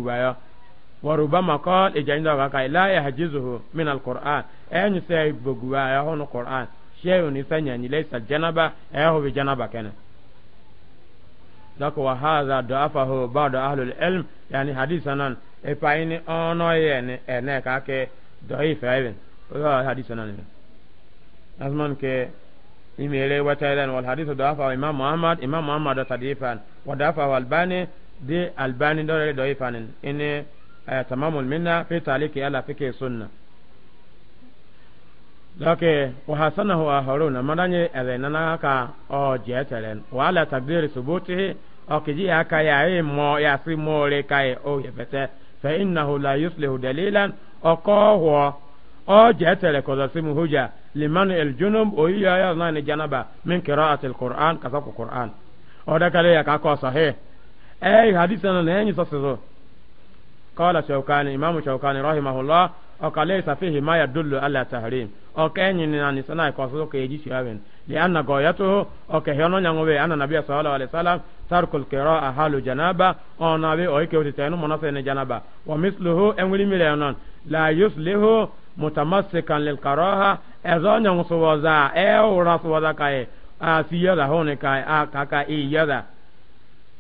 warubama kɔl ijanida e wa kai la ya hajizuhu min alquran ɛyani e sɛ boguwa ɛyɛ e hɔn quran shɛyu ni sɛ nyani laisa janaba ɛyɛ hɔ bi janaba kɛnɛ dɔk wa haza dɔafahu ba'du ahlul ilm yani hadisanan ipayini ɔnɔ yɛ ni ɛnɛ ka kɛ dɔyi fɛɛbin o yɛ hadisanan ni asman ke imele watailan wal hadithu dɔafahu imam muhammad imam muhammad dɔ tadifan wa dɔafahu albani di albani dɔ yɛ dɔyi fanin ini تمام المنة في تعليق على فكه السنة لكن وحسنه آخرون مدني أذننا كا أو جيتلن وعلى تقدير ثبوته أو كجي أكا يعي مو يعصي مولي كاي أو يفتح فإنه لا يصلح دليلا أو هو أو جيتل كوزاسيم هجا لمن الجنوب أو يا يا جنبا من قراءة القرآن كتاب القرآن أو دكالي يكاكو صحيح أي حديثنا نهي سسزو قال شوكاني إمام شوكاني رحمه الله أقال ليس فيه ما يدل على تحريم أكين نان سنة قصدو يجي شابين لأن غايته أكهيونو نيانوبي أن النبي صلى الله عليه وسلم ترك القراءة حال جنابة أو نبي أو كيوتي تينو مناسين جنابة ومثله أمولي مليونان لا يسله متمسكا للقراءة أزون ينصوزا أو رصوزا كاي أسيادة هوني كاي أكاكا إيادة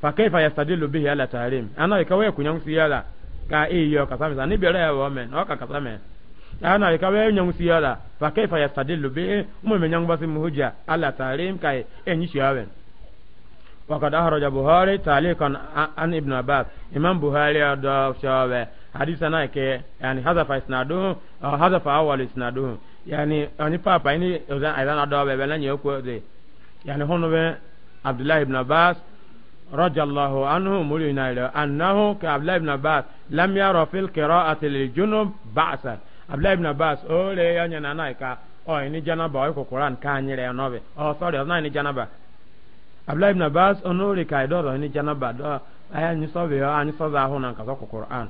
فكيف يستدل به على تحريم أنا يكوي كنيان سيادة ka eyi yɔ kasa mi sa ni bɛrɛ yɛ wɔ mɛ ɔka kasa mɛ ana yi ka e bɛ nyɔngu si yɔ fa kɛ fa ya sadi lobe e mo mɛ nyɔngu basi muhu ja ala taare ka ye si yɔ wɛ wakada haraja buhari taale kan an ibn abbas imam buhari yɛ dɔ sɔ wɛ hadisa na kɛ yani hazafa isnadu uh, hazafa awal isnadu yani ani papa ini ozan aydan adɔ bɛ bɛ na nyɛ ko de yani hono bɛ abdullahi ibn abbas رضي الله عنه مولينا إلى أنه كعبد الله بن عباس لم يرى في القراءة للجنوب بأسا عبد الله بن عباس أولي يعني نايكا أو إني جنبا أو القرآن كان يرى نبي أو سوري أنا إني جنبا عبد الله بن عباس أنوري كايدور إني جنبا أي نصبي أو أني صدا هنا كذا القرآن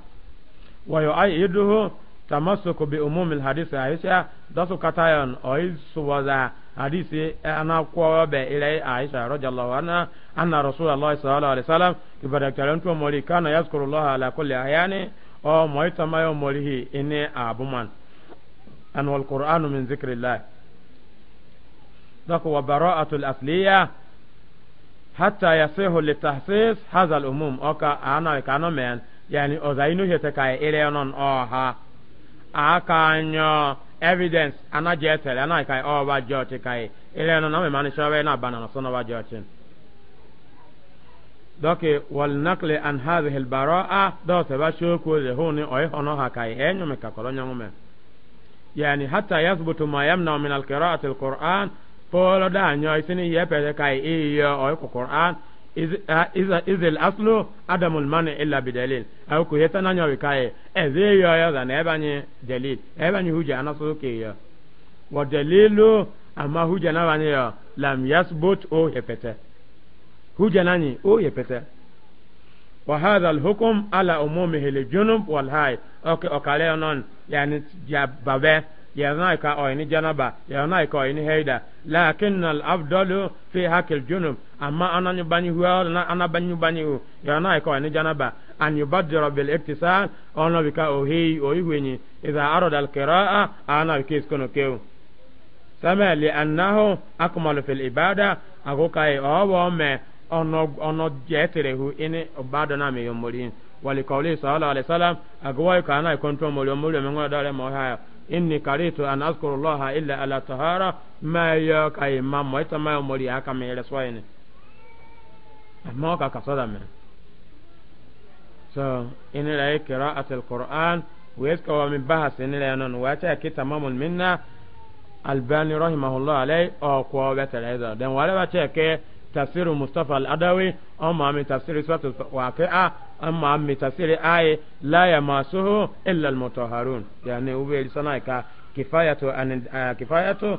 ويؤيده تمسك بأموم الحديث عائشة دسو كتايون أو إذ سوزا hadisi eh, ana kwa be ile aisha radhiyallahu anha anna rasulullah sallallahu alaihi wasallam ibada kalantu mori kana yazkurullah ala kulli ayani o moita mayo morihi ine abuman an wal qur'anu min zikrillah dako wa bara'atul asliya hatta yasihu litahsis hadha al umum oka ana kana men yani ozainu hete kai ile non oha akanyo evidence ana je tele ana kai o ba joti kai ile no me man shobe na bana no sono ba joti doke wal naqli an hadhihi al bara'a do se ba shoku le honi o e hono ha kai enyo me kakolo nyamu me yani hatta yathbutu ma yamna min al qira'ati al qur'an polo da nyo isini yepe kai iyo o e qur'an izil uh, uh, aslu adamul mani illa bi dalil aw ko yeta na nyawi kaye e ze yo yo da e na ebanye dalil ebanye huja anasu ke yo wa dalilu amma huja na banye yo lam yasbut o hepete huja nani o hepete wa hadha al hukm ala umumihi lil junub wal hayy okay okale non yani ya babe yana ka oyni janaba yana ka oyni heida lakin al afdalu fi hakil junub amma anani bani huwa na ana bani bani hu yana ka oyni janaba an yubaddira bil iktisal ona bika ohi ohi wenyi idha arada al qiraa ana kis kono keu sama li annahu akmalu fil ibada agoka e owo me ono ono jetere hu ini obado na me yomorin walikawli sallallahu alaihi wasallam agwa kana ikontu molyo molyo mengoda dale inni karitu an azkuru allaha illa ala tahara ma yo kai mammo ita ma mori aka me reswa ene amma ka kasada me so in la qira'at e alquran wa yaska wa min bahas in la yanon e wa ta kita mamun minna albani rahimahullah alai o ko wa ta da dan e wala wa ta ke tafsir mustafa al-adawi amma min tafsir suratul waqi'a amma an mitasiri aye la ya masuhu illa almutahharun yani ube sana ka kifayatu an kifayatu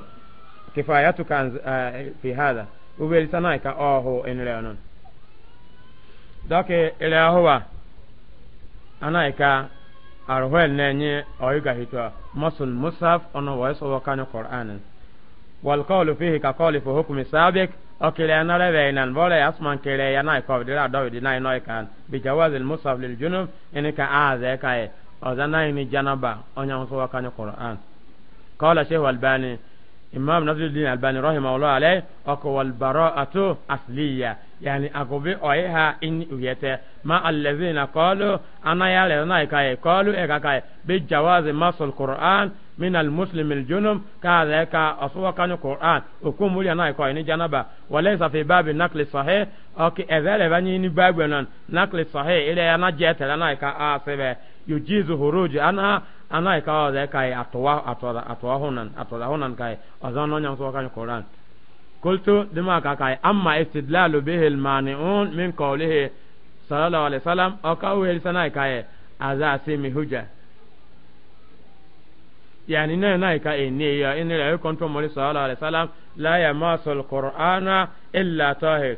kifayatu kan fi hada ube sana ka oho in leonon dake ile ahowa anaika arhwel nenye oiga hitwa masul musaf ono waiso wakani qur'anin wal qawlu fihi ka qawli fi hukmi sabiq okile anale beinan bole asman kile ya nai kobi dira dobi di nai noi kan bijawazil musaf lil junub ini ka aaze kae oza nai ni janaba onya musuwa kanyo albani imam nasiruddin albani rahimahullah alayhi oko wal bara'atu asliya yani agobe oyeha in uyete ma allazina qalu ana ya le na kai qalu e ka kai bi jawazi masul qur'an min al muslim al junub ka za ka aswa kan qur'an hukumu ya na kai ni janaba walaysa fi babi naqli sahih oki ezele bani ni babu nan naqli sahih ile ya na jeta na ka asebe yujizu huruji anha ana ka o de kai atwa atwa atwa honan atwa honan kai azan no nyam so kan quran qultu dima ka kai amma istidlalu bihi almani'un min qawlihi sallallahu alaihi wasallam o ka o hel sanai kai aza simi hujja yani na na ka en ne ya en ne la ko to mo sallallahu alaihi wasallam la yamasul qur'ana illa tahir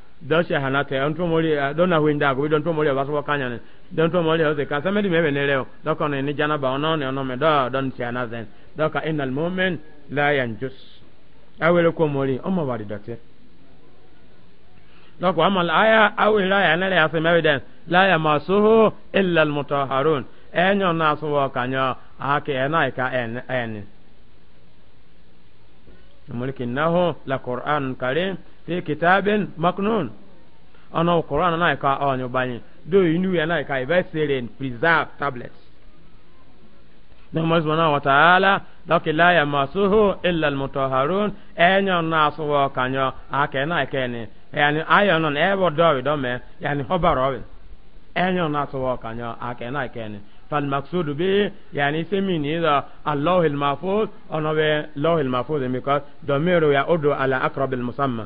don shi hanata ya ntuwa eh, don na huinda agobi don tuwa mori a eh, wasu ne don tuwa mori a eh, wasu ka sami dimi ne leo doka ne ni janaba ba ono ne ono me do don shi hana doka inal al moment la yan jus awele ko mori o ma wari dote doka amal aya awele aya ne le ya evidence la ya masuhu illa al mutahharun enyo na asu wakanya ake ena ka en en mulkin la qur'an karim fi kitabin maknun ana qur'an na ka onyo banye do inu ya na ka ivesere and preserve tablets na mazu na wa ta'ala laki la ya masuhu illa al mutahharun enya na suwa kanyo ake na ke ni yani ayo non ebo do wi do me yani hobaro wi enyo na suwa kanyo ake na ke ni fal maksudu bi yani semini da allahul mahfuz ona be lahul mahfuz mi ka do mero ya odo ala aqrabil musamma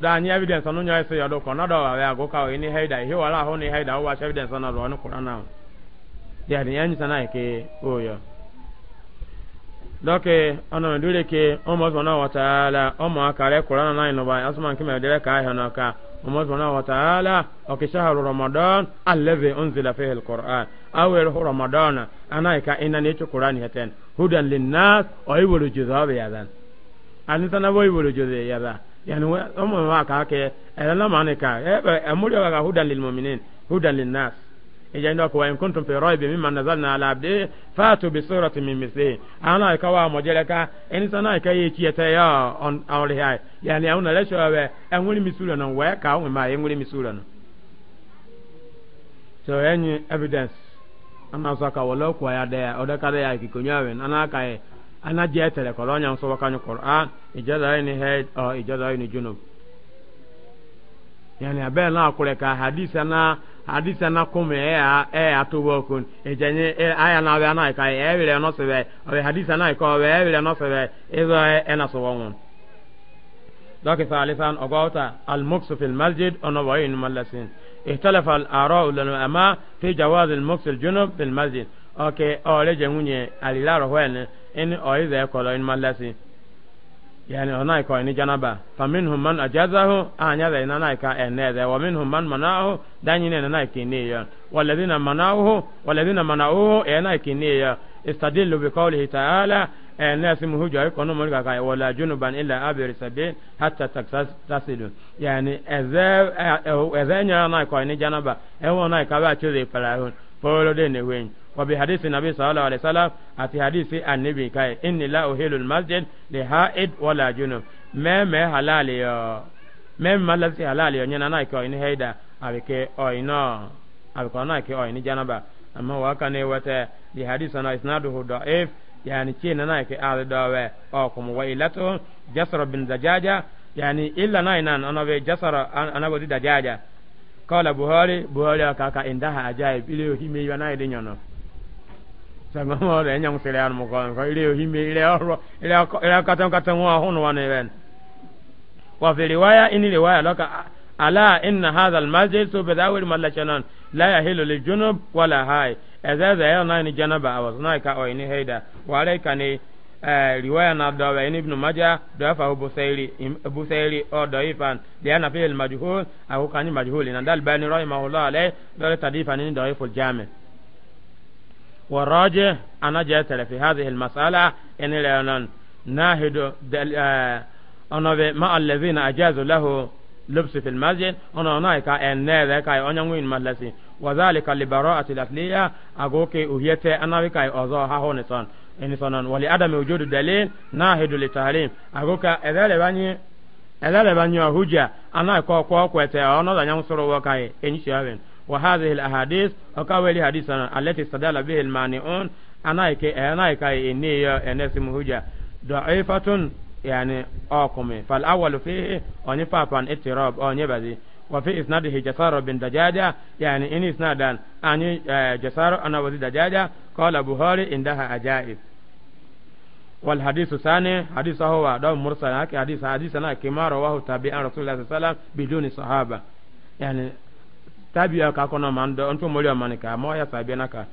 da ni evidence no nya se yodo kono do wa ya go ka ni heida he wala ho ni heida wa evidence na ro no qur'an na ya ni yan sana e ke o yo doke ono dure ke o mo zona wa taala o mo akare qur'an na no ba asman ki me dere ka he no ka o mo zona wa taala o ke shahru ramadan allazi unzila fihi alquran aw el ramadan ana e ka inna ni to qur'an yaten hudan linnas o ibulu juzabe yadan anisana boy ibulu juzabe yadan yani ọmọ wa ka kɛ ɛlɛ la maa ni ka ɛɛ ɛmuri wa ka hudan lil muminin hudan lil nas ìjẹ́ ndọ́ kò wáyé kóntùn fèrè ọ̀yẹ́ bèmí màá nàzàlì nàlá àbdé fáàtù bí sọ̀rọ̀ tì mí mìsè àwọn àyíká wa mọ̀jẹ́lẹ̀ ká ẹni sọ náà ìkẹyẹ kí ẹ tẹ ẹ ọ̀rẹ́ ha yàní àwọn nàlẹ́ sọ̀rọ̀ wẹ̀ ẹ̀ ń wúni mi sùúrọ̀ nù wẹ̀ ká ọ̀hún mà ẹ̀ ń wúni mi sùúrọ̀ nù. so ẹ̀yin evidence ana sọ ka wọlé ọkọ̀ ya dẹ́ ọ̀dẹ́kadẹ́ ya kìkọ̀ nyọ́ ana je tele ko lonya so wakanyo qur'an ijada ni he o ijada ni junub yani abe na kure ka hadisa e, e, e, na hadisa na kuma ya e atubo kun ejenye aya na we na ka e wele no sebe o hadisa na ko we wele no sebe izo e na so won لكن ثالثا أقوتا المكس في المسجد ونوعين ملسين اختلف الآراء للأمام في جواز المكس الجنوب في المسجد أوكي أولي جموني الإلارة وين in oize kolo in malasi yani onai ko ni janaba fa minhum man ajazahu anya da ina naika enne da wa minhum man manahu danyi ne naika ne ya walladhina manahu walladhina manahu e naika ne ya istadillu bi qawlihi ta'ala enne simu hujo ko no mulka kai wala junuban illa abir sabil hatta taksilu yani eze eze e, e nya naika ni janaba e wona naika ba chule pala polo de ne wen wa bi hadisi nabi sallallahu alaihi wasallam ati hadisi annabi kai inni la uhilu almasjid li haid wala junub me me halali yo me malasi halali yo nyana na ko ini heida abike o ino abiko na ke o janaba amma wa kana wata li hadisi na isnaduhu da'if yani ce na na ke ala dawe o kuma wa ilatu jasra bin dajaja yani illa na ina ana be jasara dajaja kala buhari buhari kaka indaha ajaib ile himi yana ile nyono sɛmɛmɔ de nyɛ ŋusiri anu mu kɔn kɔ ile ohime ile ɔrɔ ile ile katã katã ŋu ahunu wani bɛn wafi riwaya ini riwaya lɔka ala inna hadha almasjid so bɛ dawiri ma lɛkyɛnɛn la ya hilo le junub wala hai ɛzɛzɛ yɛ ɔnayi ni janaba awɔ sɔnayi ka ɔyi ni heida wale ka ni e, riwaya na dɔbɛ ini binu maja dɔbɛ fa busayiri busayiri ɔ dɔyi fan deɛ na fi hil majuhul awo kani majuhul ina dali bɛ ni rɔyi mahulɔ ale ni dɔyi ful jaami. وراجع أنا جئت في هذه المسألة إن لأن ناهد أنا مع الذين أجازوا له لبس في المسجد أنا هناك أن ذاك أن يمين مجلسي وذلك لبراءة الأصلية أقولك أهيت أنا بك أزاها هونسان إنسان ولعدم وجود دليل ناهد لتعليم أقولك إذا لبني إذا لبني هجة أنا كوكو كويت أنا ذا ينصر إن شاء الله وهذه الأحاديث وكاولي حديثنا التي استدل به المانعون أنايك أنايك إني أنس مهجة ضعيفة يعني أقوم فالأول فيه أن فان اضطراب أن يبدي وفي إسناده جسار بن دجاجة يعني إن إسنادا آه، أن جسار أنا وزي دجاجة قال بخاري عندها عجائب والحديث الثاني حديث هو دوم مرسل حديث حديثنا كما رواه تابعا رسول الله صلى الله عليه وسلم بدون صحابة يعني tabiya ka kono man do on to moliyo man ka mo ya na ka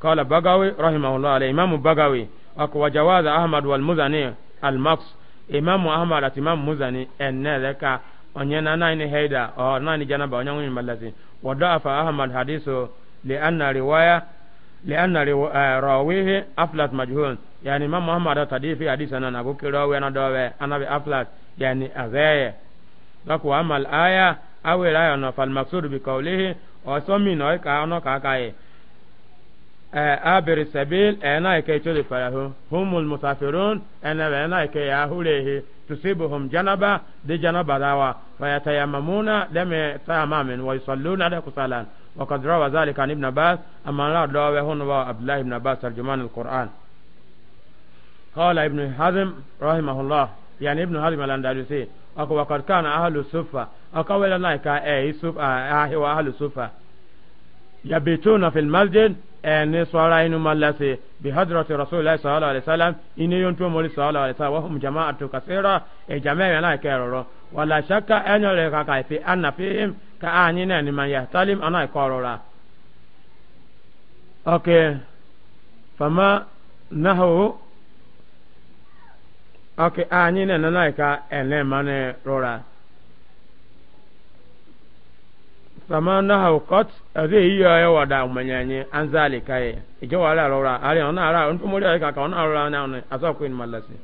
qala bagawi rahimahullah al imam bagawi aku wajawaza ahmad wal muzani al maqs imam ahmad at imam muzani enne ka onye na nine heida o na ni janaba onye ngi malazi wada fa ahmad hadisu li anna riwaya li anna eh, rawihi aflat majhul yani imam ahmad atadifi hadisa na nagukiro we na dowe anabi aflat yani azeye dako amal aya awere ayo no fal maksudu bi kawlihi o so mi no ka ono ka ka e abir sabil ena ke chole farahu humul musafirun ena ena ke ya hulehi tusibuhum janaba de janaba dawa fayatayammamuna lame tamamin wa yusalluna de kusalan وقد روى ذلك عن ابن عباس أما لا دعوة هنا عبد abdullah ibn abbas tarjuman alquran قال ابن حزم رحمه الله يعني ابن حزم الأندلسي ako wakad kana ahlu sufa aka wela na ka e eh, sufa ah, ahi wa ahlu sufa yabituna fil masjid ene eh, swara inu malase bi hadrati rasulillah sallallahu alaihi wasallam ine yonto moli sallallahu alaihi wasallam wa hum jama'atu kasira e eh, jama'a na ka roro wala shakka enyo le ka ka fi anna fihim ka anyi na ni man yahtalim ana ka rora okay fama nahu Okay, anyị na nana ka ene mane rora sama na ha kot aze iyo ya wada umanyanye anzali kai e. ije wala rora ari ona ara ntu muri ka ka ona rora na ona aso queen malasi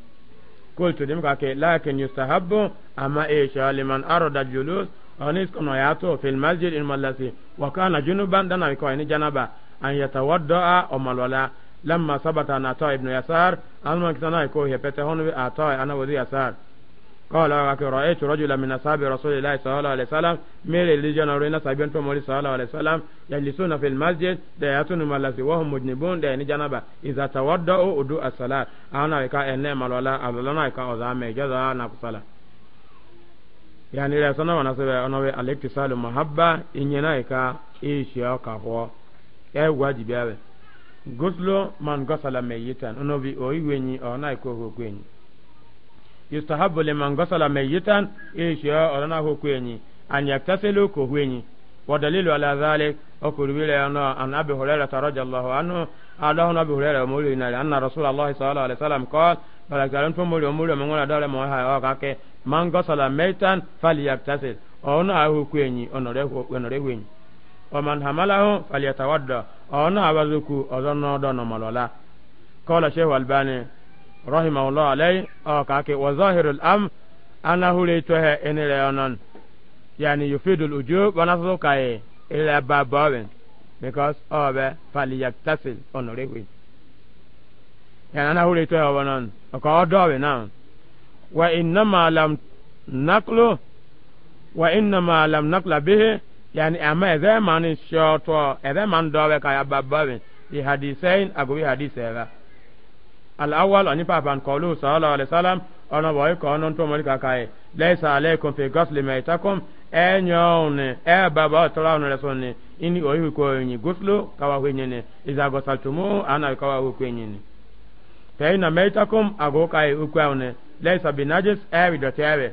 qultu dim ka ke lakin yustahabbu ama isha e, liman arada julus onis kono ya to fil masjid in malasi wa kana junuban dana ko ni janaba an yatawadda o malwala lamma sabata an ata ibn yasar alman kitana ko he pete hon ata ana wodi yasar qala wa ka ra'aytu rajula min ashabi rasulillahi sallallahu alaihi wasallam mere lijana rena sabiyan to mori sallallahu alaihi wasallam yajlisuna fil masjid da yatunu malasi wa hum mujnibun da ni janaba idza tawadda'u udu as-salat ana ka enne malala alana ka ozame jaza na kusala yani la sana wana sebe onowe alektisalu mahabba inyena ka ishi ka ho e wajibi awe goslo man gosala meyitan ono bi o iwenyi o na ko ho kwenyi yustahabu liman gosala meyitan e shi o na ho kwenyi an yaktasilu ko hwenyi wa dalilu ala zalik o ko rubile ono an abi hurairah radhiyallahu anhu alahu nabi hurairah mulu ina anna rasulullah sallallahu alaihi wasallam qala bala garan to mulu mulu mangona dole mo ha o kake man gosala meyitan falyaktasil ono ho kwenyi ono re ho ono ومن حمله فليتودى أنا عوزك أظن دون ملولا قال شيخ الباني رحمه الله عليه أو كاكي وظاهر الأمر أنه ليتوه إن ليونان يعني يفيد الوجوب ونصدو كاي إلى بابوين because أو فليكتسل أنوريه يعني أنه ليتوه ونان أكاو دوين نعم وإنما لم نقله وإنما لم نقل به yani ama eze man shoto eze man dowe ka ya babawe bi hadisain agobi hadisera al awwal ani papan qawlu sallallahu alaihi wasallam ona boy ko non to mari kakai laysa alaikum fi ghusli maitakum enyon e baba tola no lesoni ini oyi ko yin guslu kawa hwenyene iza gosaltumu ana kawa hwenyene fa ina maitakum agokai ukwaune laysa binajis e bidotewe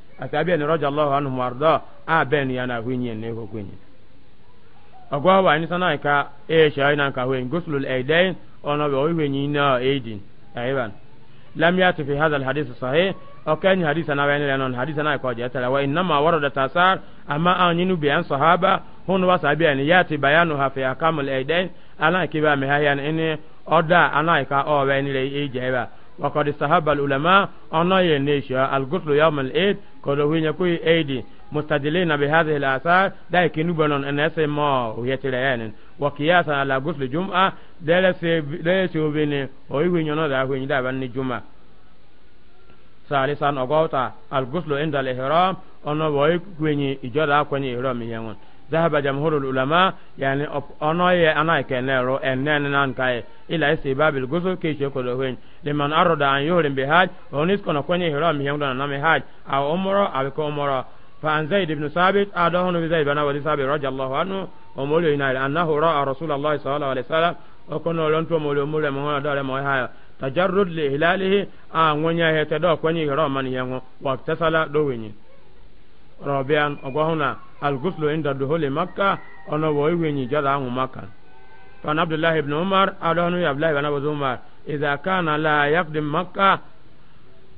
asabi ni roja allah anhu marda a ben yana hunye ne ko kunye ogwa wa ni sana ka e shay nan ka wen guslul aidain ono be oyi wen na aidin ayban lam yati fi hadha al hadith sahih o kan hadith na wen nan hadith na ko je tala wa inna ma warada tasar amma an yinu bi an sahaba hun wa sabi ni yati bayanu ha fi akamul aidain ana ki ba me hayan ini oda ana ka o wen le e je ba وقد استحب العلماء أن ينشأ القتل يوم العيد kodo winya kuyi aidi mustadilina bi hadhihi al-athar da kinu banon en ese mo yetire enen wa qiyasan ala ghusl jum'a dele se dele se obene o iwe nyono da hwe nyida ban ni juma salisan ogota al-ghusl inda al-ihram ono boy kwenyi ijoda kwenyi ihram yenwon ذهب جمهور العلماء يعني أنا أنا كنرو أنن نانكاي إلى استباب الجزء كي شكله لمن أراد أن يهرم بحج ونسك نكوني هرام يهمنا نامي حج أو أمرا أو كأمرا فعن زيد بن ثابت أدهن بزيد بن أبي ثابت رضي الله عنه ومولي ينال أنه رأى رسول الله صلى الله عليه وسلم وكنا لنتو مولي مولي مهنا دار مهايا تجرد لهلاله أن ونيا هتدو كوني هرام من يهو واكتسل دويني رابعا أقوهنا الغسل عند دخول مكة أنا ويويني جدا عن مكة فعن عبد الله بن عمر أدهن عبد الله بن أبو عمر إذا كان لا يقدم مكة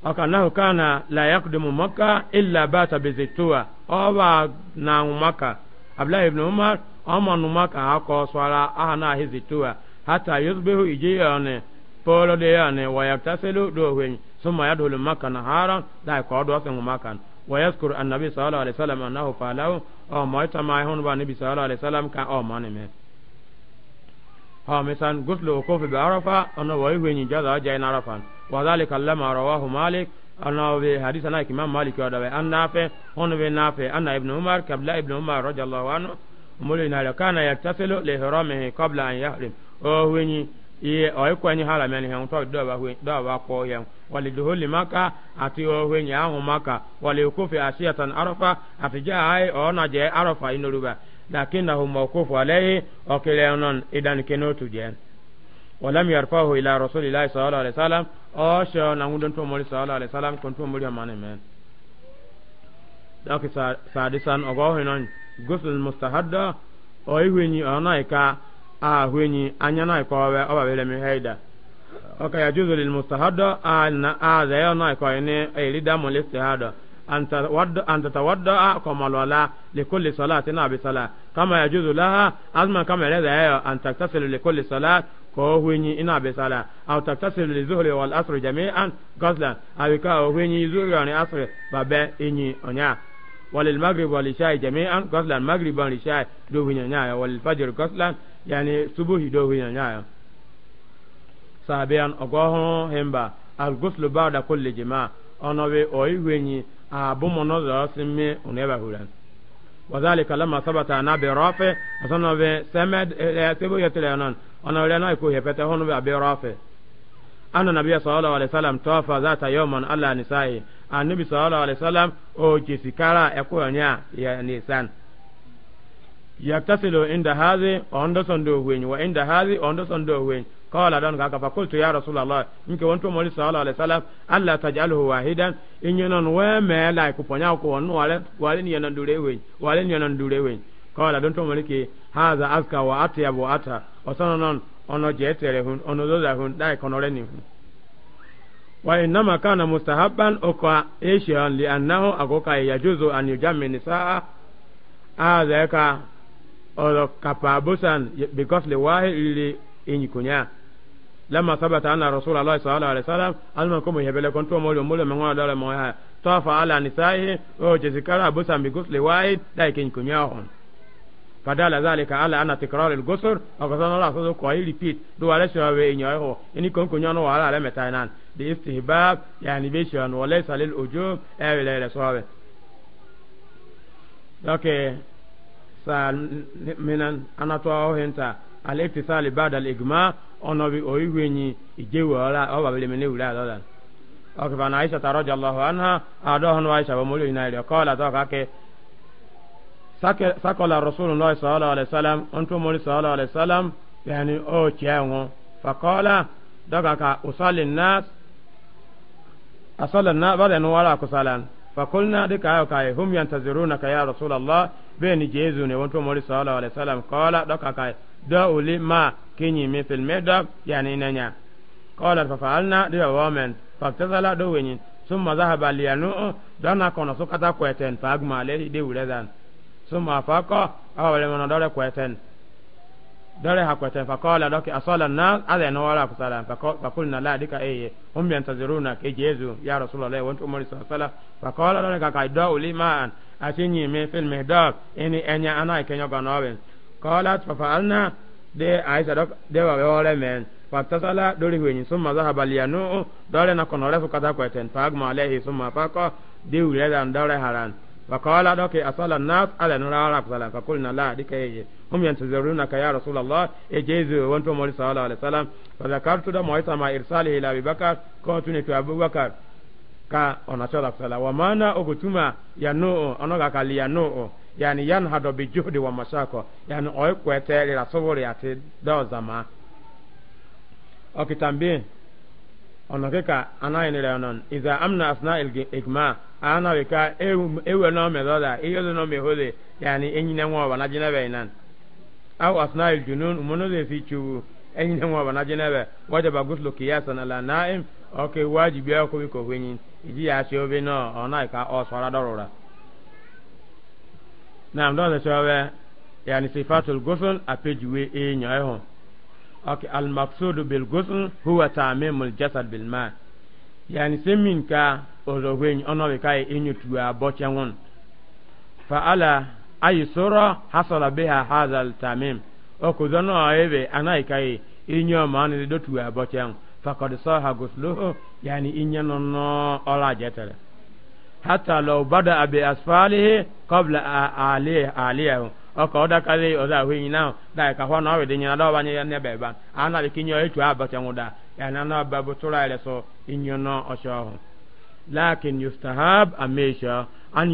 أكنه كان لا يقدم مكة إلا بات بزيتوة أو نعم مكة عبد الله بن عمر أما مكة أكو صلاة أنا هزيتوة حتى يصبح إجيانه polo de yane wa yaktaselu do wen summa yadhulu makka naharan da ko do sen makka ويذكر النبي صلى الله عليه وسلم أنه فعله أو ما يتمع هون النبي صلى الله عليه وسلم كان أو ما نمت ها مثلا قتل وقوف بعرفة أنه ويهوين جزا جاين عرفا وذلك لما رواه مالك أنه في حديثنا كمان مالك يدوي أن نافع هون بنافع أن ابن عمر قبل ابن عمر رضي الله عنه مولينا كان يغتسل لهرامه قبل أن يحرم وهوين iye ọyị kwenye ha ramen ihe ntọ dọba kwọ ihe wali duhuli maka ati ohwe nye ahụ maka wali ukufi asiyatan arafa ati jahai ọna je arafa inuruba lakin nahu mawkufu alayhi okile non idan kenotu je ولم يرفعه الى رسول الله صلى الله عليه وسلم او شو نغدن تو مولى صلى الله عليه وسلم كنت مولى من من دوك ahwenyi anyana ikowe obabele mihaida oka yajuzu lilmustahada ana azayo na ikoyne elida mulistihada an tatawadda komalwala likulli salatin abi sala kama yajuzu laha azma kama eleza anta an taktasilu likulli salat ko hwenyi ina abi sala aw taktasilu lizuhri wal asri jami'an gazlan awika hwenyi zuhri ni asri babe inyi onya وللمغرب والعشاء جميعا غسلا مغربا والعشاء دوبنيا وللفجر غسلا yani subuhi do hu nyanya sabian ogoho hemba al-ghuslu ba'da kulli jima onowe oihwenyi abomono zo simme uneba huran وذلك لما ثبت عن ابي رافع اصنع سمد يتبو يتلانان انا لا نايكو يفتحون ابي رافع أن النبي صلى الله عليه وسلم توفى ذات يوم على نسائه النبي صلى الله عليه وسلم أو جسكارا يكون يا نسان yaktasilu inda hazi ondo sondo wenyu wa inda hadhi ondo sondo wenyu qala dan ga fa qultu ya rasulullah nke wonto moli sallallahu alaihi wasallam alla taj'alhu wahidan inyanon wa ma la ku ponya ko wonu wale wale ni yanan dure wenyu wale ni yanan dure wenyu qala to moli ke hadha aska wa atyabu ata osanon ono je tere hun ono do hun dai konore ni kana mustahabban li annahu yajuzu an yujammi nisaa a olo kapabusan because le wahi ile enyi kunya lama sabata anna rasul allah sallallahu alaihi wasallam alma komo hebele kon to molo molo mangwa dole mo ha tafa ala nisaihi o jezikara busan because le wahi dai kenyi kunya on fadala zalika ala ana tikrar al-gusr aghazana la sadu ko repeat do wala shi wa enyo ho ini kon ko nyano wala ala metainan de istihbab yani be shi an wala salil ujub awila ila sawabe okay sa minan anatoa hinta al-iktisali ba'da al-igma ono bi oyiwenyi ijewa ola oba bele mene wura lola okay fa aisha ta radiyallahu anha ado hono aisha ba mulu inaire qala to ka ke sakola rasulullah sallallahu alaihi wasallam onto mulu sallallahu alaihi wasallam yani o chiango fa qala daga ka usalli nas asalla na ba'da nuwara kusalan فقلنا دك ايو كاي هم ينتظرونك يا رسول الله بين جيزو ني وانتو مولى صلى الله عليه وسلم قال دك كاي دعوا لي ما كني مي في المدب يعني نانيا قال ففعلنا دي ومن فابتذل دوين ثم ذهب لينو دنا كنا سكتا كويتن فاغما عليه دي ولدان ثم فاقا اول من دار كويتن dare hakwata fa qala laki asala na, ala na wala kusala fa fa la dika eye eh, eh, hum yantaziruna ke eh, jezu ya rasulullah wa antum ali sallallahu fa qala dare ka kaida uliman atinyi me fil mihdab ini enya ana kenya ganawe qala fa fa'alna de aisa dok de wa wala men fa tasala dori hwenyi summa zahaba liyanu dare na konore fu kata kweten fa agma alayhi summa fa ko de ulada ndare haran وقال دوك أصلى الناس على نرى صلى فقلنا لا ديك يجي هم ينتظرونك يا رسول الله اجيز وانتو مولى صلى الله عليه وسلم فذكرت دا مويتا ما إرساله إلى أبي بكر كنت نتو أبو بكر ka ona chola kusala wa maana ogutuma ya nuo onoga kali ya nuo yani yan hado bi juhdi wa mashako yani oy kwete li rasuburi ati do zama okitambi onokeka anayinile onon iza amna asna il ana wika ewe na me doda iyo no me hole yani enyi na nwa bana jinebe inan aw asna al junun umono de fi chu enyi na nwa bana jinebe wajaba guslu qiyasan ala naim oke ya ko ko hwenyi iji ya obi ọ ka osara dorura nam do de ya na sifatul ghusl apejiwe enyo eho oke al bil huwa jasad bil yani semin ka ozogwen onobe kai inyutu e abocha ngon fa ala ayi sura hasala biha hadha al tamim naa ebe anai kai e inyo mani dotu abocha ngon faqad saha gusluhu yani inyano no ola jetele hatta law bada bi asfalihi qabla aliyahu ọka ọ dakarị ọzọ ahụ enyi na ka na ọ wede nyina dọba nye nebe ba a na liki nyọ etu abacha nwụda ya na na ọba bụ tụrụ ayịrị sọ inyo nọ ọhụ lakin yustahab amesha an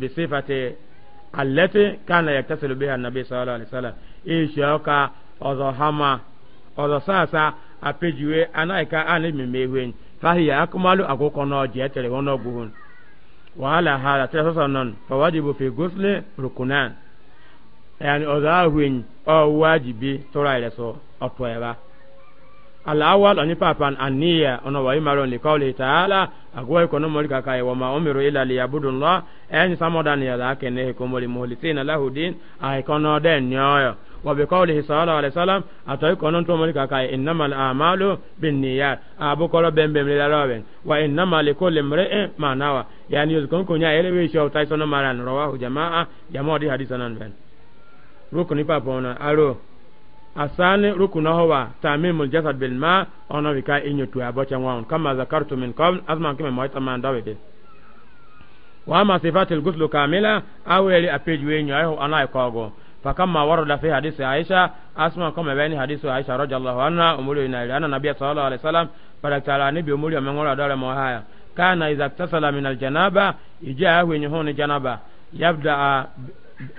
bi sifati biha sallallahu alaihi wasallam isha ọzọ hama ọzọ sasa apejiwe ka a na-ememe ehwe fahiya akụmalụ akwụkwọ na etere hụ ha nọ fọwọ́dìbò fi yani ozahwen o wajibi tora ile so otweba alawal oni papan aniya ono wa imaro li qawli ta'ala agwa kono mori kaka wa ma umiru illa li yabudu allah en ni ya lake ne ko mori muhlisina lahu din ay kono den nyoyo wa bi qawlihi sallallahu alaihi wasallam atay kono to mori kaka innamal a'malu binniyat abu koro bembe mi laroben wa innamal likulli imri'in ma nawa yani yuzkun kunya elewe show taysono maran rawahu jamaa jamaa di hadisanan ben rukuni papona aro asani rukuna howa tamimu jasad bil ma ono wika inyo tu abocha ngwaun kama zakartu min qabl azman kima mwaita man dawide wa ma sifatil guslu kamila aweli apeji wenyo ayo anai kogo فكما ورد في حديث عائشة أسمع كما بين حديث عائشة رضي الله عنها أمولي إلى أن النبي صلى الله عليه وسلم فلكت على نبي أمولي من غير دولة موهايا كان إذا اغتسل من الجنابة يجاء وين هون جنابة يبدأ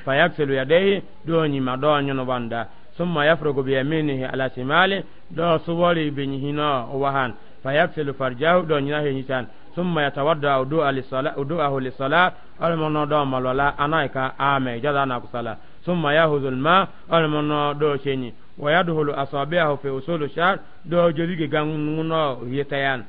fayakselu yadehi do nyima do nyono banda summa yafrugu bi yaminihi ala shimali do suwori bi nyihino wahan fayakselu farjahu do nyina he nyitan summa yatawadda udu'a lisala udu'ahu lisala almono do malola anaika ame jada na kusala summa yahuzul ma almono do chenyi wa yadhulu asabi'ahu fi usulu shar do joligi ganguno yetayan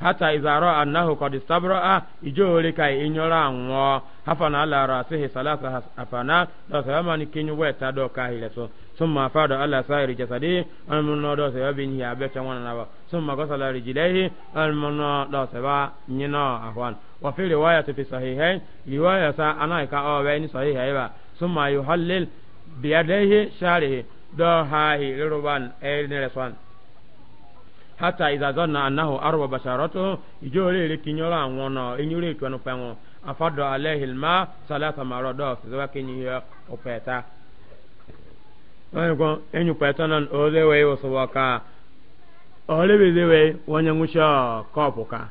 hata izaro annahu qad istabra ijoore kai inyora anwo hafana ala rasihi salasa hafana do sama ni kinyu weta do kahile so summa fada ala sairi jasadi almunno do se bin ya be tan wana ba summa ghasala rijlaihi almunno do se ba nyina ahwan wa fi riwayati fi sahihain riwaya sa anaika o be ni sahihai ba summa yuhallil biyadaihi sharihi do hahi ruban ayne reswan hata izazanna annahu arwa basharatu ijo lele kinyola anwono enyure kwanu panwo afado alaihi alma salata marada zawa kinyo opeta ayo enyu peta nan olewe osoboka olewe dewe wanyangusha kopoka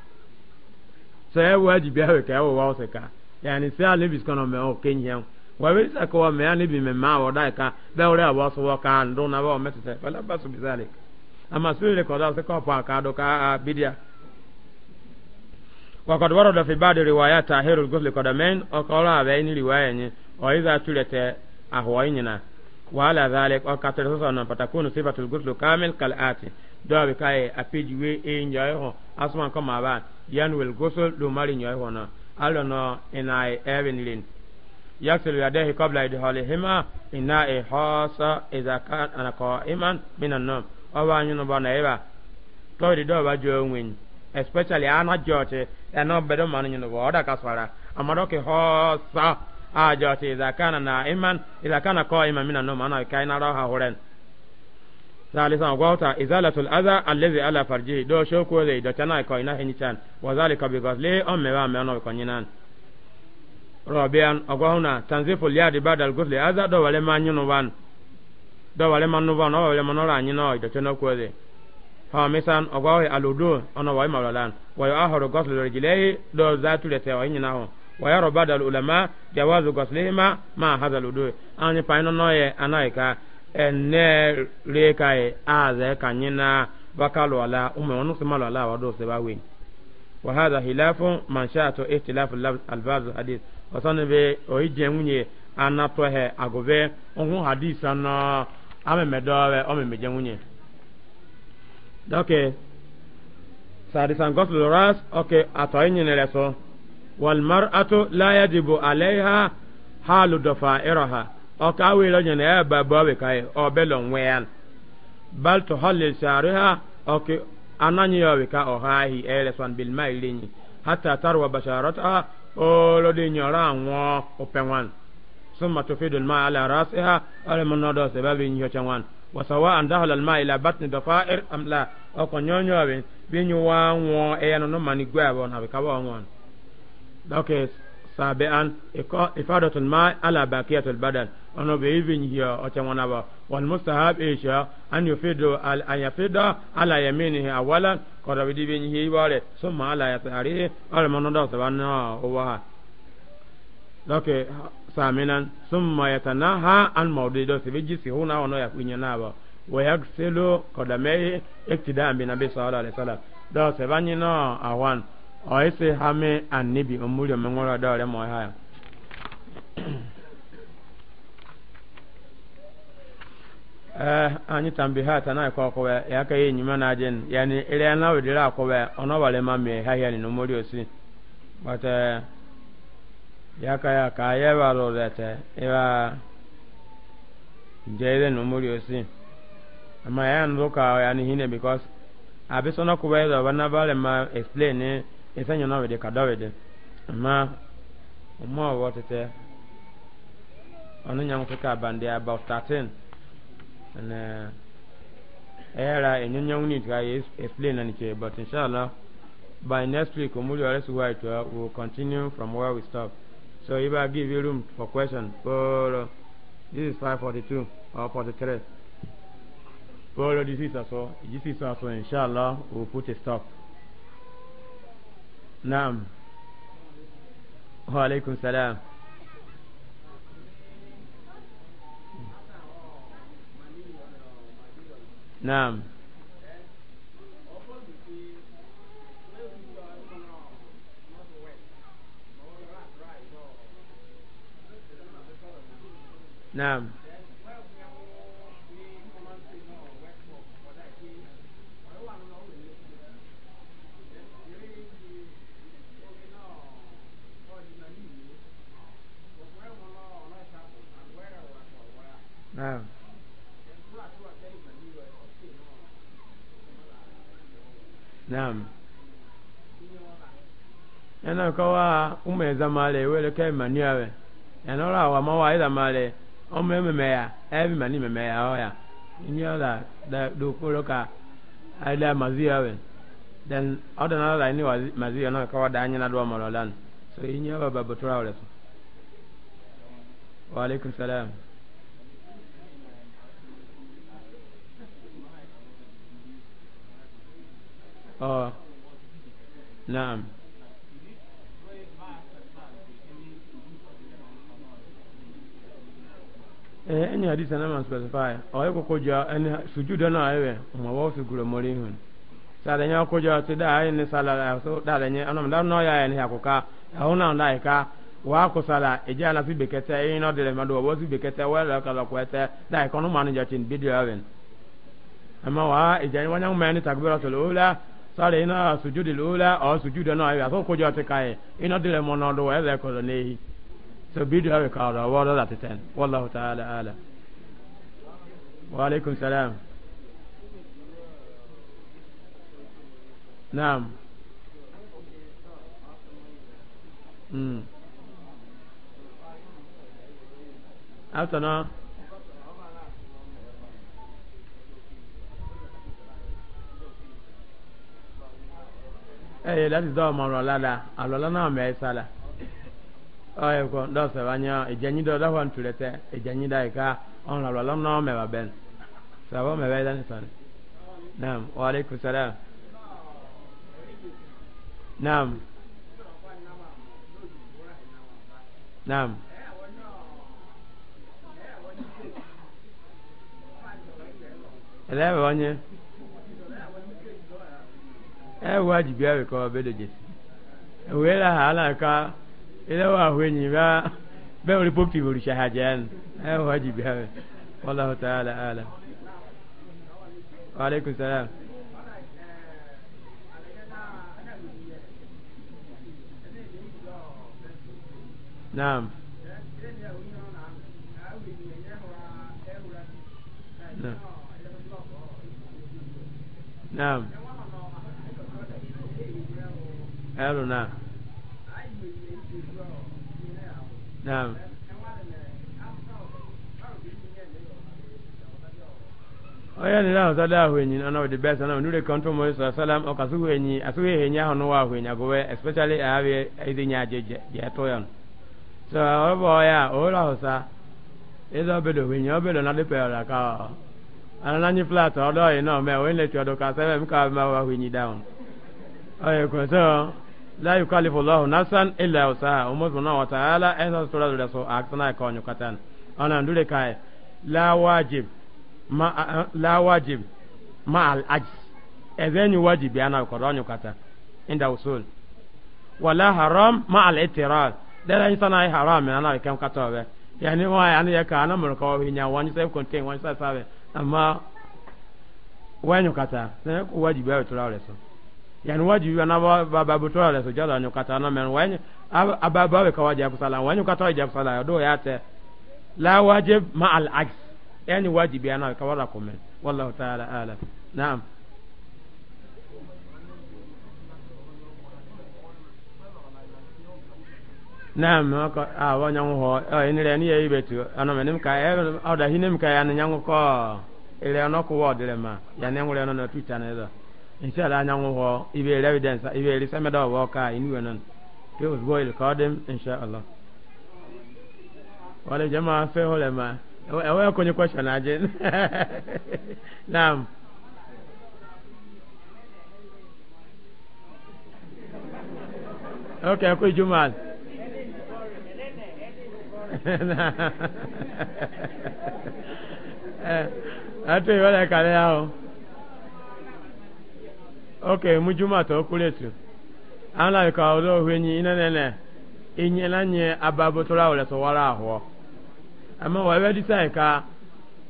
sai waji biawe ka ewe wa oseka yani sai alebis kono me okenya waweza kwa ka dawre abaso waka ndona ba ama sule koda se ko pa ka do ka bidia وقد ورد في بعض روايات تاهير الغسل قدمين وقال بين رواية وإذا تلت أهويننا وعلى ذلك وكثر سنة فتكون صفة الغسل كامل كالآتي دو بكاي أبيج وي إن جايهو أسمان كما بان ينوي الغسل دو مالي نيوهو نا ألو نو إناي إبن لين يغسل يديه قبل إدخالهما إناء خاصة إذا كان أنا قائما من النوم ọba nyunu bọ na ịba tọọdị dọọ ba jọọ especially ana jọọtị ẹnọ bẹdọ mmanụ nyunu bọ ọda ka sọra amadọ ke a jọọtị ịzakana na iman ịzakana kọọ iman mina nọ mana ka ịna rọha hụrẹn ثالثا غوتا إزالة الأذى الذي على فرجه دو شوكو ذي دو تناي كوينا هنيتان وذلك بغسله أم مبا ميانو كنينان رابعا أغوهنا تنزيف اليد بعد الغسل أذى دو ولما نينو da wale manu ba no wale anyị ra anyi no ido chono kwede ha misan ogwawe aludu ono wa imalalan wa ya ahoro gosle rejilei e do zatu le tewa inyi naho wa ya robada ulama jawazu ma hadha aludu anyi pa ma ume do hilafu ihtilafu ohun na ameme dɔwɛ ɔmeme jɛ ŋunye dɔke sadisan gɔsulo ras ɔke atɔyi nyine lɛ so walmar ato laaya dibo aleha haalu dɔfa irɔha ɔke awele nyine ɛyɛ e, ba bɔbe kaye ya lɔ ŋwɛyan bal ha ọke ɔke ananyi yɔbe ka ɔhaahi ɛyɛ e, lɛ sɔn bilma ilenyi hata tarwa basharataha ɔlɔdi nyɔra anwụọ ɔpɛŋwan ثم تفيد الماء على رأسها على من نضع سبب يشوان وسواء دخل الماء إلى بطن ضفائر أم لا أو كن ينيو بين بين يوان وان أيان نما نقوى بون هبي كوا وان لكن سابعا إفادة الماء على باقية البدن أنه بيبين هي أتوان أبا والمستحب إيشا أن يفيد أن يفيد على يمينه أولا قد بيبين هي وارد ثم على يساره على من نضع سبب نوع وها لكن saminan summa yatanaha an mawdido sibiji sihuna ono ya kunya naba wa yaksilu qadamai iktidan bi nabi sallallahu alaihi wasallam do sebanyino awan o ise hame annibi umuri mengora do re mo haya <clears throat> eh anyi tambiha tana ko ko ya ka yi nyima na jen yani ile na wedira ko be ono bale ma me haya ni numuri osi but uh, yaka ya ka ya ba lo zete iba jere no muri osi ama ya ndo ka ya ni hine because abiso na kuba ya bana bale ma explain isanyo na wede kadawede ama umma wotete onu nyam ka bande about 13 and era enyonyo ni ka explain na ni but inshallah by next week umuri wa resu white will continue from where we stop So if I give you room for question, Polo, this is 542 or 43. Polo, this is also, this is also, inshallah, we'll put a stop. Naam. Wa alaikum salam. Naam. naam. Naam. Naam. Yana kawa umeza male wele kai maniawe. Yana rawa mawa ila male ọmọ ememe ya ebe mani ememe ya ọ ya ndị ọla dokoro ka ada mazi ya wen then ọda na ọla ni mazi ya na kawa da anya na duwa mọrọ lan so inye ọba babatura ọrẹ so wa alaikum salam oh naam Eh, any hadith na man specify o yeko ko ja any sujuda na ayewe ma wa fi gure mori hun sa da nya ko ja ti da ayi ni sala so da da nya anam da no ya ni akoka ahuna na ka wa ko sala eja na fi bekete e no de ma do wa fi bekete wa la ka la ko ete da e ko e e no man ja tin bidio aven amma wa eja ni wanya ma ni takbiratul ula sala ina sujudul ula o sujuda na ayewe so ko ja ti kai ina de mo do wa le ko ne so bidiyo awe ka ọrọ wọrọ láti tẹn wọláhu ta'ala ala wa alaikum salam naam mm after now ẹyẹ láti dọ́ ọmọ ọ̀rọ̀ lára àlọ́lá náà mẹ́ sálà oye ko ndo se banya ejanyi do da wan tulete ejanyi da ka on la la no me ba ben sa ba me ba dan san nam wa alaikum salam nam nam ele be onye e eh, wajibi awe ko be do jesi e wera hala ka ile wa hwenyi ba be ori popi ori shahajan eh wajibi hawe wallahu ta'ala alam wa alaikum salam Naam. Naam. Naam. naam. نعم oyani na ọzọ dị ahụ enyi na ọdị best na onure kọntrọ mọ ịsọ salam ọka sụhụ enyi asụhụ enyi ahụ n'ụwa ahụ enyi agụwe especially ahụ ezi nye aje ji atụ ya so ọ bụ ya ọhụrụ ahụ sa ịzọ obedo enyi obedo na dịpa ya ka anananyi flat ọdọ ọyị na ọmee onye na-echi ọdụ ka sebe m ka ma ahụ enyi down ọ ya kwesịrị la yukallifu llahu nafsan illa wusaha umu subhanahu wa ta'ala esa sura dure so aksana ka onyu katan ana ndure kai la wajib ma uh, la wajib ma al ajz ezeni wajibi ana ko onyu kata inda usul wala haram ma al itiraz dara insana haram ana kan katobe yani wa yani ya ka kana murka wa hinya wani self contain wani sasabe amma wanyu kata ne wajibi ya tura so yani wajibi anaba babutola leso jala nyukata na men wanye ababawe ka wajibu sala wanye kata wajibu sala do yate la wajib ma al aks yani wajibi ana ka wala komen wallahu ta'ala alam na'am na'am ko a wanya ho ni re ni yi betu ana menim ka e oda hinem ka ya nyango ko ile ono ko wodire ma ya ne ngure ono na twitter na inshallah anyanwụ hụ ibere evidence ibere semeda ọbụ ọka inuwe nan ke ozugbo ilkọdịm inshallah wale jama fe hole ma ewe kwenye question ajin <laughs> naam okay ko jumal ate wala kale yao oke mujuma to kuletu ala ka odo hwenyi inenene inyela nye ababo tola ole so wara ahwo ama ka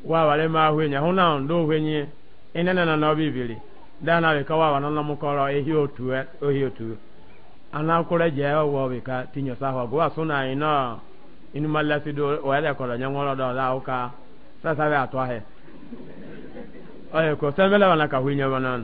wa wale ma hwenya huna ndo hwenyi inenene na obibili dana ka wa na mukoro ehi otu ehi otu ana kure je wo bi ka tinyo sa ho gwa suna ina inu malasi do wa ko nya ngoro do la uka ko wana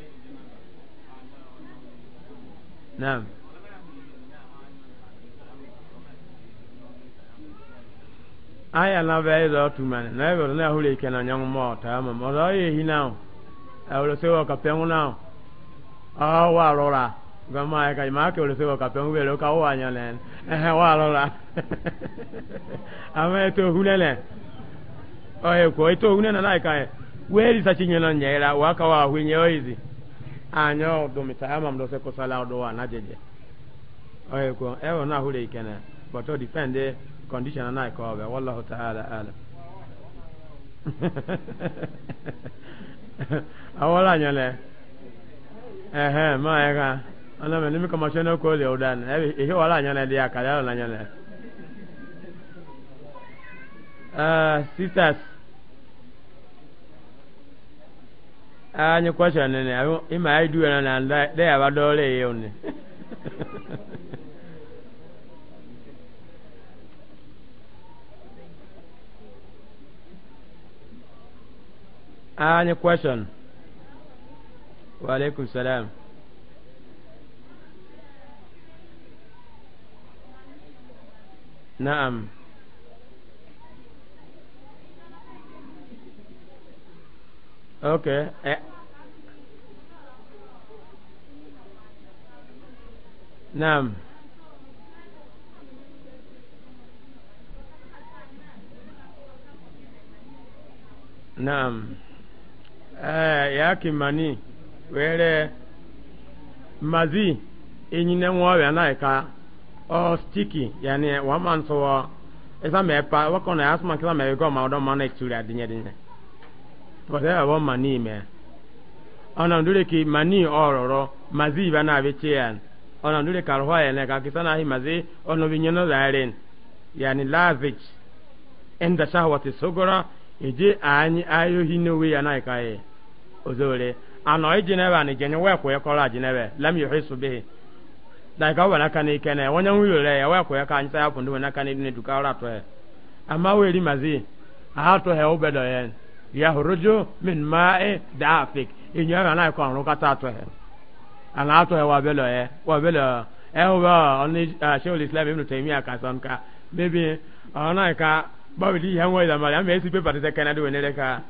نعم aya na bɛ zɔ tuma ne na bɛ na hule kana nyang mo ta ma mo zɔ ye hina o lo wa ka na o wa rora ga ma ka ma ke lo se wa ka pengu be lo ka wa nya eh wa to o ye ko to na na ka we ri sa chi ka wa hu nye o izi anya odumisa ya mamdo se kosala odowa na jeje oye ko ewo na hure ikene but o depend e, condition na ko be wallahu ta'ala alam awola <laughs> nyale ehe ma ega ana me nimi kama shene ko le odan e ihe wala nyale dia kala na nyale ah eh, sisters anyị kwasha nene ahụ ịma anyị duwere na ndị ya badọọla ya one any question wa alaikum salam na'am Okay. Eh. Naam. Naam. Eh, ya kimani were mazi enyine nwa na ka o sticky yani one man so isa me pa wa kona asma kila me go ma odo ma na itura dinye dinye kọsịa abụọ mani ime. Ona dị ka mani ọrọrọ mazi ibe na-abịa chee Ona dị ka arụhọ ka kisa na mazi ọnọdụ nye na zairin yani lavic inda shahwati sogora eje anyi ayohi n'owe ya na ka ya ozore anọ iji nebe a na ijenye wee kwụọ kọrọ lam yohe ya na mazi eh, obedo yahuruju min ma'i dafik inyo ya na ko anu kata to he ana to he wa belo he wa belo e ho maybe ana ka ba bi ya ngwa ida mari me si pe pa de kana de wenere ka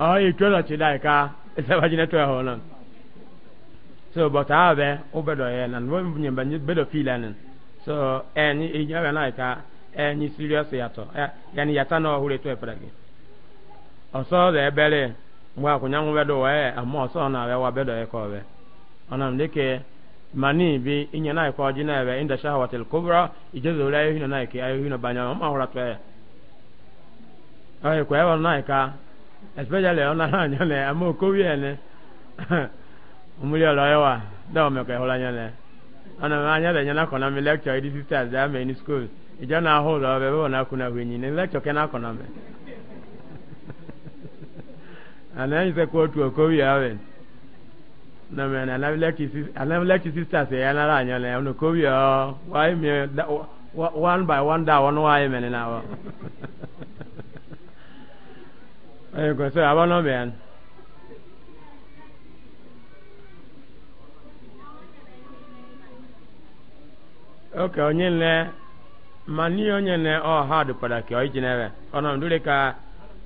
o e to la ti dai ka e sa ba jina to he honan so but abe o belo he nan so serious yato yani yata no hure to e ọsọ da ebere mgbe akwụnya nwebedo wee ama ọsọ na awe wabedo ya kọwe ọnam dike mani bi inye na ikọ ji na ebe inda shahawatil kubra ijezo ure ayohi na naike ayohi na banya ọma hụra tụ ya ọhịkwa ebe na ika especially ọ nara anya na ama okowi ene <laughs> mmiri ọlọ ya wa da omekọ ịhụrụ anya na ọnam anya da nye na akọ na mi lecture idi sisters ya mee ni school ije na ahụ ụlọ ọbụ ebe ọ na-akwụ na hụ enyi na lecture ke na akọ na mee anaweza kuwa tuokowi awe na men anavilaki sisters eyanara anyole onokowi o wai mi one by one da wono wai mene nawo ayiko se abono men Okay, onye nne mani onye nne ọ ha dupada ke ọ ijinere ọ nọ ndụrị ka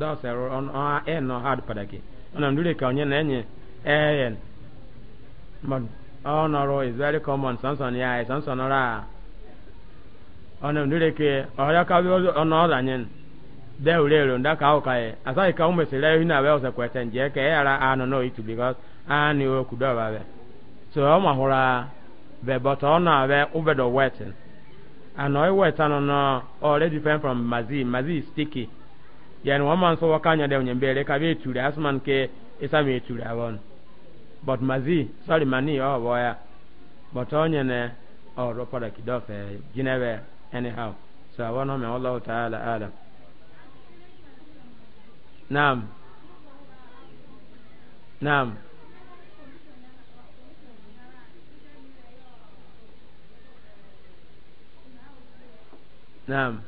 dɔw sɛro ɔn ɛn nɔ hard ɛyɛn but ɔnɔrɔ is very common sansan yà ɛ sansan nɔrɔ a ɔnà ndúlẹ̀ kɛ ɔyɔ kabi ɔnɔ ɔdà nyɛn dɛ wúlẹ̀ ɛlò ndá kà ɔkà yɛ asa yi kà ɔmɛ sɛlɛ ɛyìn nà bɛ ɔsɛ kɔɛtɛ njɛ kɛ ɛyàrá ànɔ nɔ itu because ànì òkú dɔw bɛ so ɔmɔ ahora bɛ bɔtɔ ɔnà bɛ ɔbɛ dɔ wɛtin and ɔyɛ yani waman so wakanya de nyembele kabe ture asman ke isami ture awon but mazi sorry mani o oh, boya but onye eh, ne o oh, ro pada kidofe ginebe anyhow so awon me Allah taala alam Nam. Nam. Nam.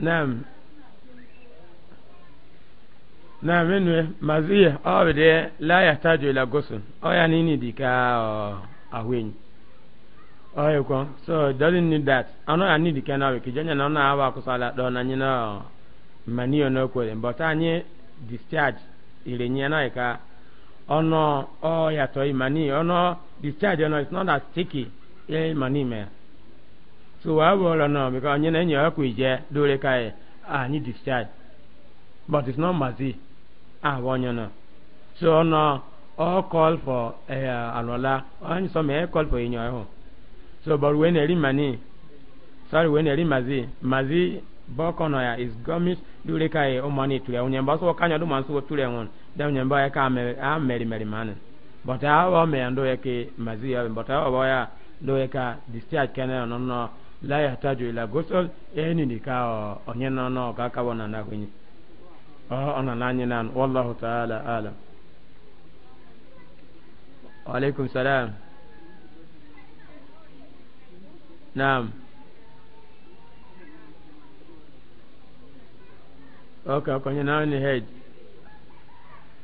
Naam. Naam enwe mazie obide la yahtaju ila ghusl. Oya nini dika ahwen. Oya ko. So it doesn't need that. Ano ya need kana we kijanya na ọ na aba kusala do na nyi nyina manio no kwere. But anyị discharge ile nyina ika ọ oya to imani ono discharge ono it's not that sticky. Ile mani mere. so we bolo no because anyi na nyo ku je dole ah e, need discharge but it's not mazi ah wonyo so no all call for eh anola anyi so me call for nyo so but when eri mani sorry when eri mazi mazi boko ya is gomis dole kai e, o mani tu ya unyamba so kanya do man so le won da unyamba ya ka me a meri meri but awo me ya la yahtaju ila gosol eni ni ka onye no no ka ka ọ na hunyi ona na anyi nan wallahu ta'ala alam ala. naam okay onye na head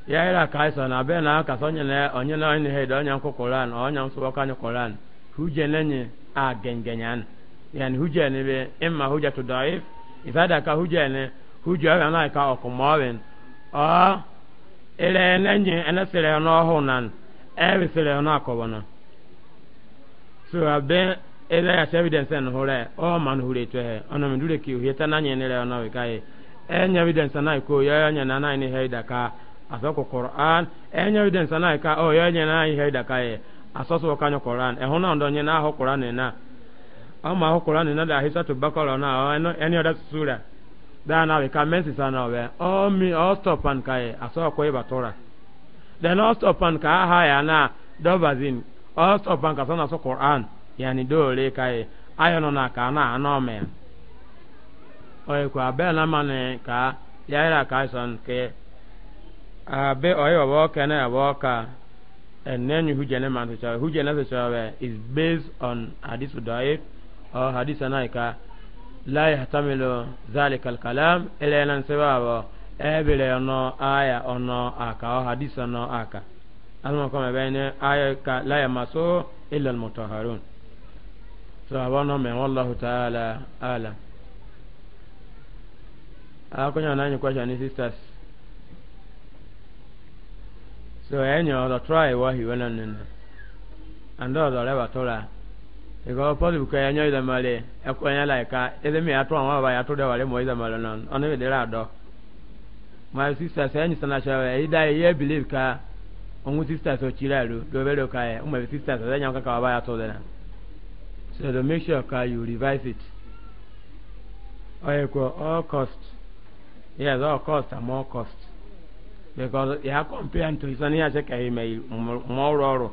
ya ira kaisa na be na ka sonye na onye na head onye nkokoran onye nsuwa ka nyokoran huje lenye a gengenyan yani hujja ne be imma hujja to daif ifada ka hujja ne hujja ga na ka ko mawen a ele nenye ana sele no honan e sele no akobona so abe ele ya evidence en hore o man hure to he ona mi dure ki o yeta na nye ne le ona we kai enye evidence na ko ya nya na na ni heida ka asoko qur'an enye evidence na ka o ya nya na ni heida ka e asoso kanyo qur'an e hona ndo nye na ho qur'an na ama ho qur'an na da hisa to na any other sura da na we can mention sana we o mi o stop an kai e, aso ko e batora then ka ha ya na do bazin o stop an ka sana so qur'an yani do le kai e. ayo na ka na ano me o e ko abe na ka ya ira ka e son ke abe o e wo ke na wo ka and then you who general man to who general is based on hadith daif أو حديث نايكا لا يحتمل ذلك الكلام إلا أن سبابه أبل ينو آية أو نو أكا أو حديث نو أكا ألما كما بين آية لا يمسه إلا المطهرون سبحانه من والله تعالى أعلم akunya nanyi kwa shani sisters so enyo the try wa hi wena nene and those are ever told iko pɔli ka ya nyɔ idamale ɛkɔnya la ka ɛdɛmi ya tɔn wa ba ya tɔ dɛ wale mɔ idamale nɔn ɔne bi dira dɔ ma sista sɛ ɛni sana sɛ ɛyi da ye biliv ka ɔmu sista sɛ ɔtsi la do do bɛ do ka yɛ ɔmu bɛ sista sɛ ɛnyɛ kaka wa ya so to make sure ka you revise it ɔyɛ all cost yes all cost and more cost because ya compare to isani ya sɛ ka yi mɛ ọrụ.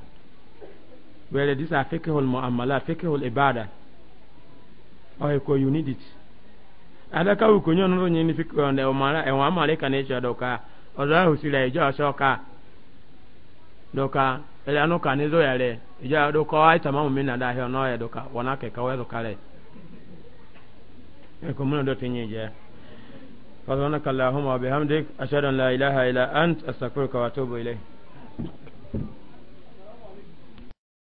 where this are fiqhul mu'amala fiqhul ibada or ko you need it adaka u ko nyon ronye ni fiqhul ne o mara e wa mara kan e doka o da hu sira e jo shoka doka ele anu kan e zo yare e jo doka ai tamamu min na da he no e doka wana ke ka we doka le e ko mun do tinye je فسبحانك اللهم وبحمدك أشهد أن لا إله إلا أنت أستغفرك وأتوب إليك